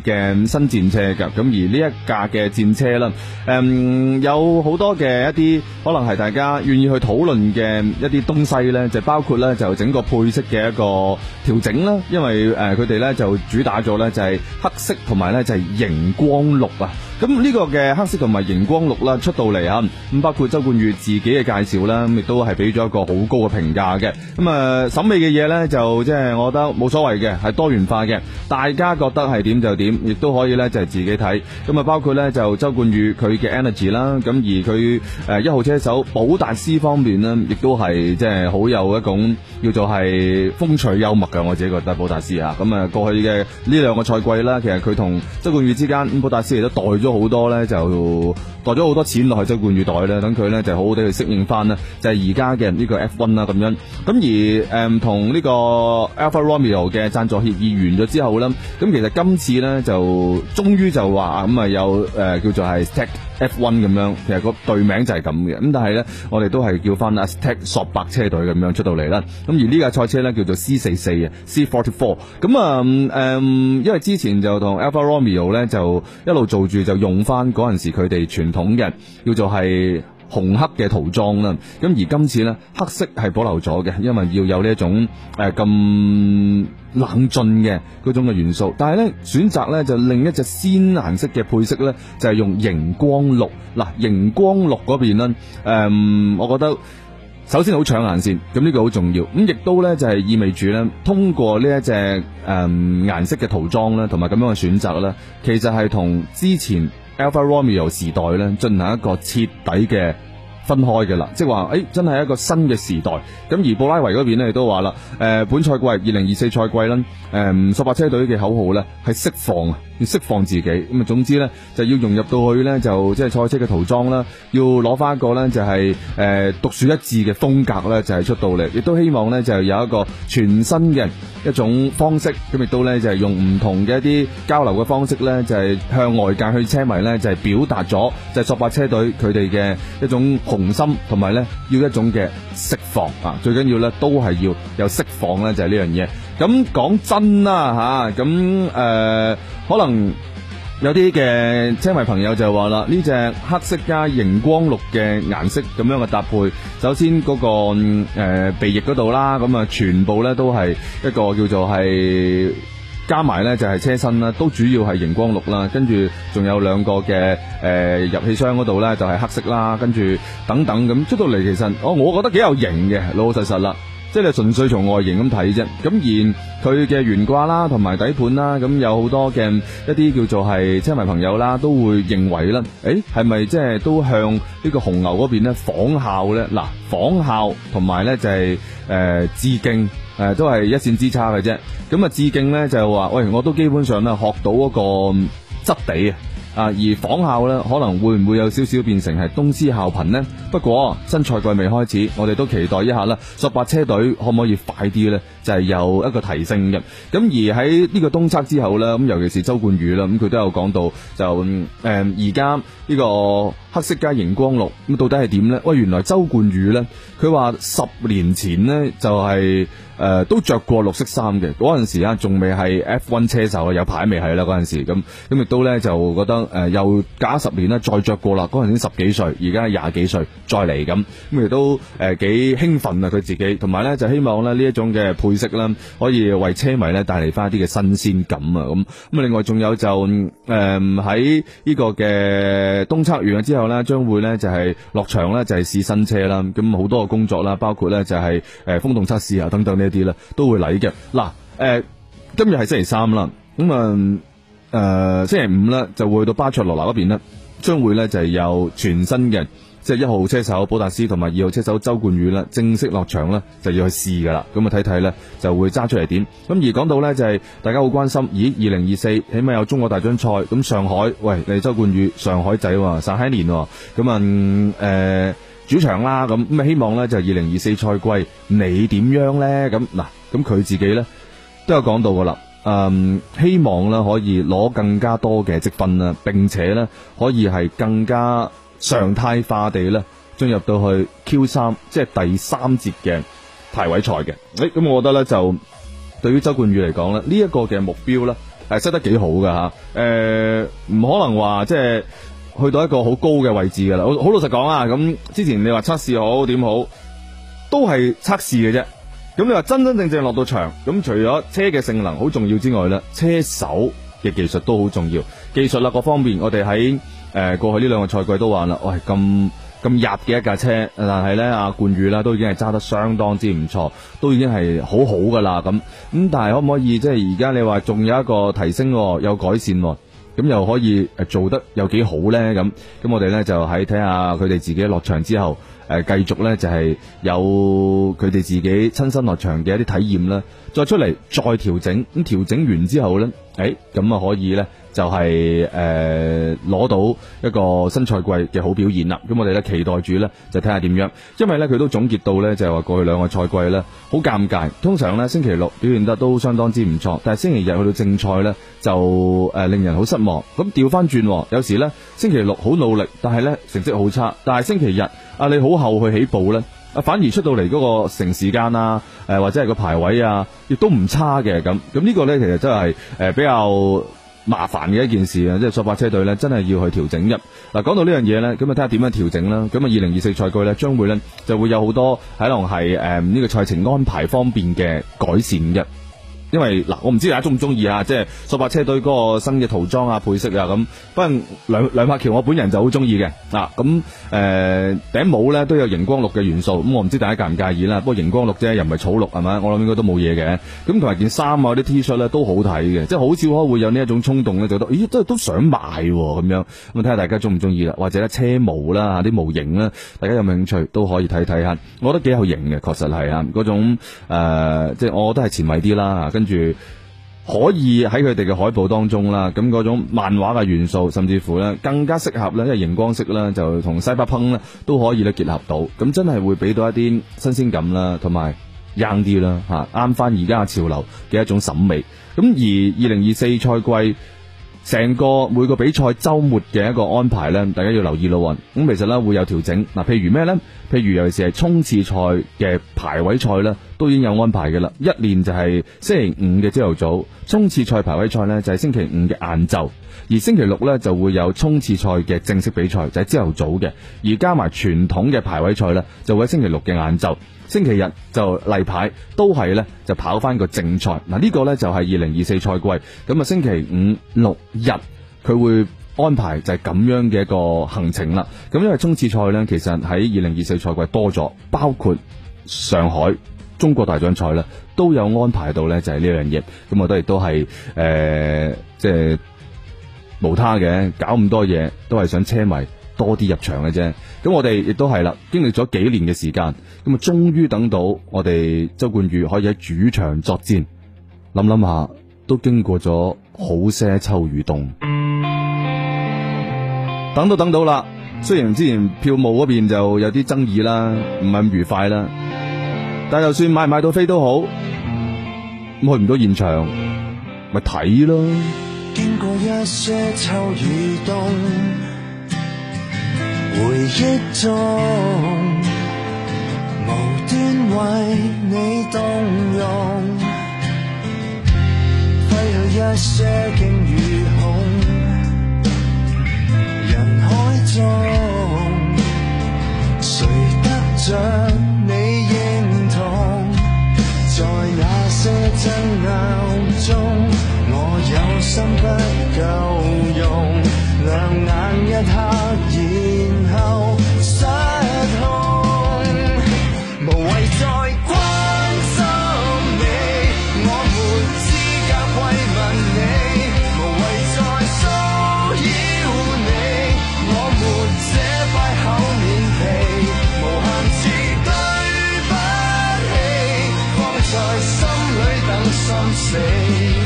嘅新戰車㗎。咁而呢一架嘅戰車啦，誒、嗯、有好多嘅一啲可能係大家願意去討論嘅一啲東西呢，就包括呢，就整個配色嘅一個調整啦。因為誒佢哋呢，就主打咗呢，就係、是、黑色同埋呢，就係、是、熒光綠啊。咁呢個嘅黑色同埋熒光綠啦出到嚟啊！咁包括周冠宇自己嘅介紹啦，咁亦都係俾咗一個好高嘅評價嘅。咁啊，審美嘅嘢咧就即係我覺得冇所謂嘅，係多元化嘅，大家覺得係點就點，亦都可以咧就係、是、自己睇。咁啊，包括咧就周冠宇佢嘅 energy 啦，咁而佢誒、呃、一號車手寶達斯方面咧，亦都係即係好有一種叫做係風趣幽默嘅。我自己覺得寶達斯啊，咁啊過去嘅呢兩個賽季啦，其實佢同周冠宇之間寶達斯亦都代咗。好多咧就袋咗好多錢落去周冠宇袋咧，等佢咧就好好地去適應返啦。就係而家嘅呢個 F1 啦咁樣。咁而、嗯、同呢個 Alfa Romeo 嘅贊助協議完咗之後啦，咁其實今次咧就終於就話咁啊有、呃、叫做係踢。F1 咁樣，其實個隊名就係咁嘅，咁但係咧，我哋都係叫翻 Aztec 索伯車隊咁樣出到嚟啦。咁而呢架賽車咧叫做 C44 啊，C44。咁、嗯、啊，誒、嗯，因為之前就同 Alfa Romeo 咧就一路做住就用翻嗰陣時佢哋傳統嘅，叫做係。紅黑嘅塗裝啦，咁而今次呢，黑色係保留咗嘅，因為要有呢一種誒咁、呃、冷峻嘅嗰種嘅元素。但係呢，選擇呢，就另一隻鮮顏色嘅配色呢就係、是、用熒光綠嗱，熒、啊、光綠嗰邊呢，誒、呃，我覺得首先好搶眼先，咁呢個好重要。咁亦都呢，就係、是、意味住呢，通過一、呃、顏呢一隻誒顏色嘅塗裝呢，同埋咁樣嘅選擇呢，其實係同之前 Alfa Romeo 時代呢進行一個徹底嘅。分開嘅喇，即係話，誒、欸，真係一個新嘅時代。咁而布拉維嗰邊呢，亦都話喇：呃「本賽季二零二四賽季呢，誒、呃，索伯車隊嘅口號呢，係釋放啊！」要釋放自己，咁啊，總之呢，就要融入到去呢，就即係賽車嘅塗裝啦，要攞翻一個呢，就係誒獨樹一幟嘅風格呢，就係、是、出到嚟，亦都希望呢，就係有一個全新嘅一種方式，咁亦都呢，就係、是、用唔同嘅一啲交流嘅方式呢，就係、是、向外界去車迷呢，就係、是、表達咗，就係、是、索法車隊佢哋嘅一種雄心，同埋呢，要一種嘅釋放啊，最緊要呢，都係要有釋放呢，就係呢樣嘢。咁講真啦吓，咁、啊、誒。可能有啲嘅車迷朋友就話啦，呢隻黑色加熒光綠嘅顏色咁樣嘅搭配，首先嗰、嗰個誒、呃、鼻翼嗰度啦，咁啊全部咧都係一個叫做係加埋咧就係車身啦，都主要係熒光綠啦，跟住仲有兩個嘅誒、呃、入氣箱嗰度咧就係黑色啦，跟住等等咁出到嚟，其實哦我覺得幾有型嘅，老老實實啦。即係純粹從外形咁睇啫，咁而佢嘅懸掛啦，同埋底盤啦，咁有好多嘅一啲叫做係車迷朋友啦，都會認為啦，誒係咪即係都向呢個紅牛嗰邊咧仿效？咧？嗱，仿效同埋咧就係誒致敬誒，都係一綫之差嘅啫。咁啊，致敬咧就話，喂，我都基本上咧學到嗰個質地啊。啊！而仿效呢可能會唔會有少少變成係東施效顰呢？不過新賽季未開始，我哋都期待一下啦。索伯車隊可唔可以快啲呢？就係、是、有一個提升嘅咁。而喺呢個冬測之後呢，咁尤其是周冠宇啦，咁佢都有講到就誒，而家呢個黑色加熒光綠咁，到底係點呢？喂，原來周冠宇呢，佢話十年前呢就係、是。誒、呃，都着過綠色衫嘅，嗰陣時啊，仲未係 F1 車手啊，有排未係啦，嗰陣時咁咁亦都咧就覺得誒、呃，又隔十年啦，再着過啦，嗰陣時十幾歲，而家係廿幾歲，再嚟咁，咁、嗯、亦都誒幾、呃、興奮啊！佢自己同埋咧就希望咧呢一種嘅配色啦，可以為車迷咧帶嚟翻一啲嘅新鮮感啊！咁、嗯、咁另外仲有就誒喺呢個嘅東測完咗之後咧，將會咧就係、是、落場咧就係、是、試新車啦，咁好多嘅工作啦，包括咧就係、是、誒、呃、風洞測試啊等等呢。呢啲呢，都會嚟嘅。嗱，誒、呃，今日係星期三啦，咁啊，誒、呃，星期五呢就會去到巴塞羅那嗰邊呢，將會呢就係有全新嘅，即係一號車手寶達斯同埋二號車手周冠宇啦，正式落場呢就要去試噶啦，咁啊睇睇呢就會揸出嚟點。咁而講到呢，就係大家好關心，咦？二零二四起碼有中國大獎賽，咁上海喂，你周冠宇上海仔，上海年喎，咁啊，誒、嗯。呃主場啦，咁咁希望呢就二零二四賽季你點樣呢？咁嗱，咁佢自己呢都有講到噶啦，嗯，希望呢可以攞更加多嘅積分啊，並且呢可以係更加常態化地呢進入到去 Q 三，即係第三節嘅排位賽嘅。誒、哎，咁我覺得呢，就對於周冠宇嚟講呢，呢一個嘅目標呢，係 set 得幾好噶吓，誒，唔可能話即係。去到一個好高嘅位置噶啦，好老實講啊，咁之前你話測試好點好，都係測試嘅啫。咁你話真真正正落到場，咁除咗車嘅性能好重要之外呢，車手嘅技術都好重要。技術啦，各方面，我哋喺誒過去呢兩個賽季都話啦，喂咁咁弱嘅一架車，但係呢，阿、啊、冠宇啦都已經係揸得相當之唔錯，都已經係好好噶啦咁。咁但係可唔可以即係而家你話仲有一個提升、哦，有改善、哦？咁又可以誒做得有幾好呢？咁咁我哋呢就喺睇下佢哋自己落場之後，誒繼續呢就係有佢哋自己親身落場嘅一啲體驗啦，再出嚟再調整，咁調整完之後呢，誒咁啊可以呢。就係誒攞到一個新賽季嘅好表現啦。咁我哋咧期待住呢，就睇下點樣，因為呢，佢都總結到呢，就係、是、話過去兩個賽季呢，好尷尬。通常呢，星期六表現得都相當之唔錯，但係星期日去到正賽呢，就誒、呃、令人好失望。咁調翻轉，有時呢，星期六好努力，但係呢，成績好差。但係星期日啊，你好後去起步呢，啊反而出到嚟嗰個成時間啊，誒、呃、或者係個排位啊，亦都唔差嘅。咁咁呢個呢，其實真係誒比較。麻煩嘅一件事啊，即係索巴車隊咧，真係要去調整嘅。嗱，講到呢樣嘢咧，咁啊睇下點樣調整啦。咁啊，二零二四賽季咧，將會咧就會有好多可能係誒呢個賽程安排方面嘅改善嘅。因為嗱，我唔知大家中唔中意啊，即係索伯車隊嗰、那個新嘅塗裝啊、配色啊咁。不過梁梁柏橋我本人就好中意嘅。嗱，咁誒頂帽咧都有熒光綠嘅元素，咁、嗯、我唔知大家介唔介意啦。不過熒光綠啫，又唔係草綠係咪？我諗應該都冇嘢嘅。咁同埋件衫啊、啲 T 恤咧都好睇嘅，即係好少可會有呢一種衝動咧，就覺得咦都都想買喎、哦、咁樣。咁睇下大家中唔中意啦，或者車模啦啲模型啦，大家有冇興趣都可以睇睇下。我覺得幾有型嘅，確實係啊，嗰種誒、呃，即係我都係前衛啲啦跟住可以喺佢哋嘅海報當中啦，咁嗰種漫畫嘅元素，甚至乎咧更加適合咧，因為熒光色啦，就同賽博朋克咧都可以咧結合到，咁真係會俾到一啲新鮮感啦，同埋 young 啲啦，吓啱翻而家嘅潮流嘅一種審美。咁而二零二四賽季。成個每個比賽周末嘅一個安排呢，大家要留意咯。咁其實呢，會有調整，嗱，譬如咩呢？譬如尤其是係衝刺賽嘅排位賽呢，都已經有安排嘅啦。一練就係星期五嘅朝頭早，衝刺賽排位賽呢就係星期五嘅晏晝，而星期六呢，就會有衝刺賽嘅正式比賽，就係朝頭早嘅，而加埋傳統嘅排位賽呢，就會喺星期六嘅晏晝。星期日就例牌都係咧，就跑翻個正賽嗱，呢個咧就係二零二四賽季。咁啊，星期五六日佢會安排就係咁樣嘅一個行程啦，咁因為衝刺賽咧其實喺二零二四賽季多咗包括上海中國大獎賽啦都有安排到咧，就係呢樣嘢。咁我都亦都係誒，即係無他嘅搞咁多嘢都係想車迷多啲入場嘅啫。咁我哋亦都係啦，經歷咗幾年嘅時間，咁啊終於等到我哋周冠宇可以喺主場作戰。諗諗下，都經過咗好些秋雨冬，等都等到啦。雖然之前票務嗰邊就有啲爭議啦，唔係咁愉快啦，但係就算買唔買到飛都好，去唔到現場，咪睇咯。經過一些秋回憶中，無端為你動容，揮去一些驚與恐。人海中，誰得着你認同？在那些爭拗中，我有心不夠用，兩眼一黑。已。失控，無謂再關心你，我沒資格慰問你，無謂再騷擾你，我沒這塊厚面皮，無限次對不起，放在心裏等心死。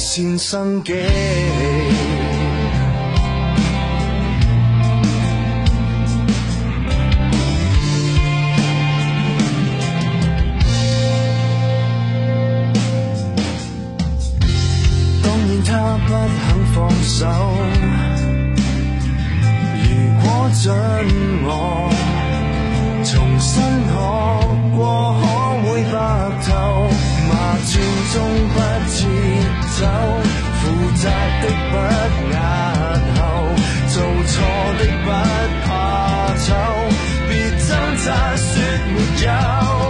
一線生機。當然他不肯放手。如果准我重新學過，可會白頭？麻將中不至。走，負責的不押後，做錯的不怕醜，別掙扎說沒有。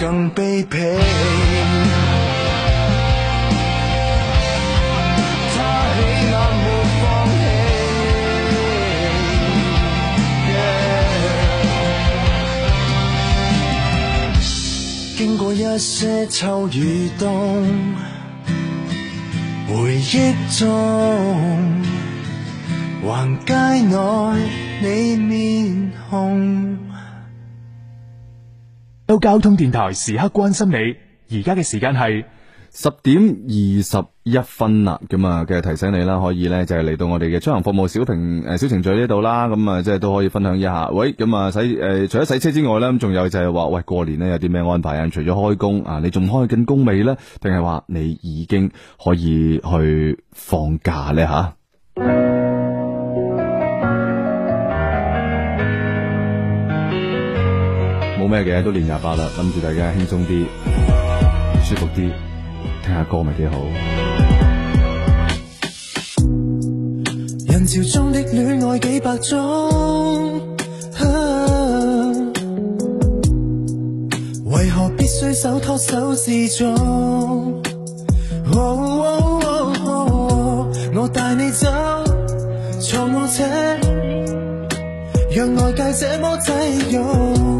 更卑鄙，他起眼，沒放棄。Yeah. 經過一些秋與冬，回憶中，橫街內你面紅。交通電台時刻關心你。而家嘅時間係十點二十一分啦，咁啊，嘅提醒你啦，可以咧就係、是、嚟到我哋嘅出行服務小平誒小程序呢度啦。咁啊，即係都可以分享一下。喂，咁啊洗誒、呃，除咗洗車之外咧，仲有就係話喂過年咧有啲咩安排啊？除咗開工啊，你仲開緊工未咧？定係話你已經可以去放假咧？吓、啊？咩嘅都年廿八啦，諗住大家輕鬆啲，舒服啲，聽下歌咪幾好。人潮中的戀愛幾百種，為何必須手拖手示眾？我帶你走，坐我車，讓外界這麼擠擁。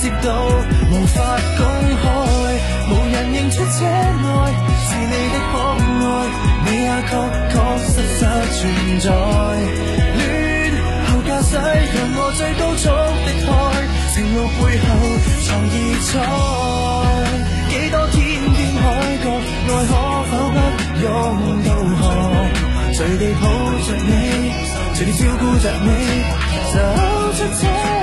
接到無法公開，無人認出車內，是你的可愛，你也確確實實存在。戀後駕駛，讓我最高速的開，情路背後藏異彩。幾多天邊海角，愛可否不用導航？隨地抱着你，隨地照顧着你，走出車。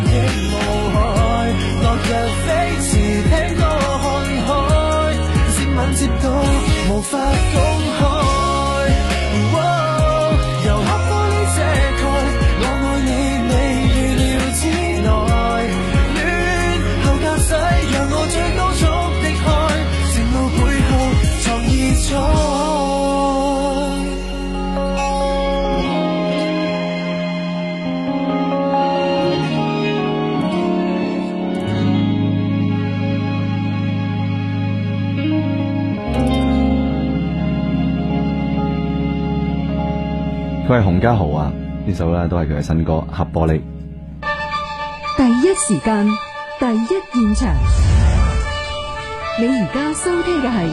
亦無害，落日飛馳，聽歌看海，接吻接到無法講。佢係洪嘉豪啊！呢首咧，都係佢嘅新歌《黑玻璃》。第一時間，第一現場。你而家收聽嘅係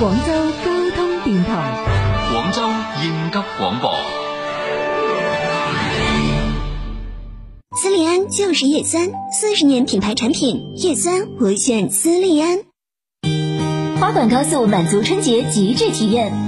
廣州交通電台，廣州應急廣播。斯利安就是葉酸，四十年品牌產品，葉酸我選斯利安。花莞高速滿足春節極致體驗。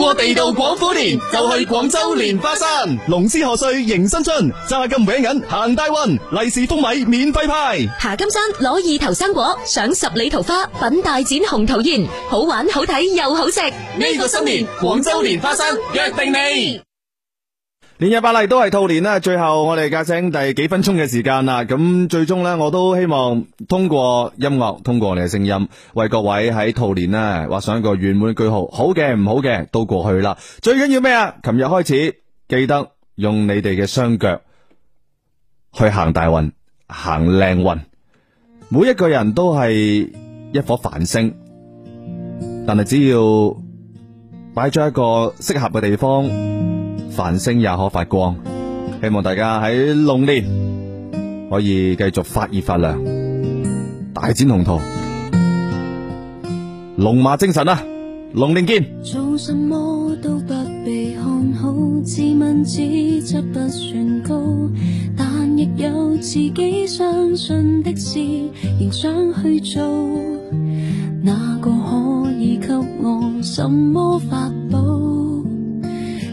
過地道廣府年，就去廣州蓮花山，龍獅賀歲迎新春，就係咁搲銀，行大運，利是福米免費派，爬金山攞意頭生果，賞十里桃花，品大展紅桃宴，好玩好睇又好食，呢個新年廣州蓮花山約定你。年廿八嚟，都係兔年啦，最後我哋嘅，剩第幾分鐘嘅時間啦，咁最終呢，我都希望通過音樂，通過我哋嘅聲音，為各位喺兔年呢畫上一個圓滿嘅句號。好嘅，唔好嘅都過去啦，最緊要咩啊？琴日開始記得用你哋嘅雙腳去行大運，行靚運。每一個人都係一顆繁星，但係只要擺咗一個適合嘅地方。繁星也可發光，希望大家喺龍年可以繼續發熱發亮，大展宏圖，龍馬精神啊，龍年見。做什麼都不被看好，自問資質不算高，但亦有自己相信的事，仍想去做哪、那個可以給我什麼法寶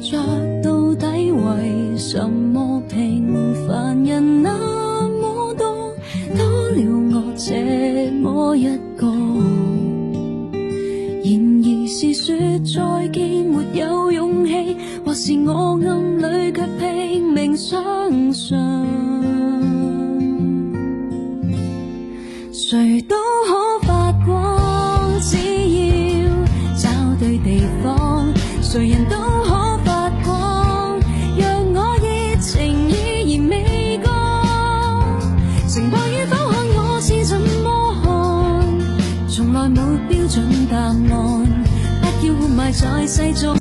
着到底為什麼平凡人那麼多，多了我這麼一個？然而是說再見沒有勇氣，或是我暗裏卻拼命相信，誰都可。在世俗。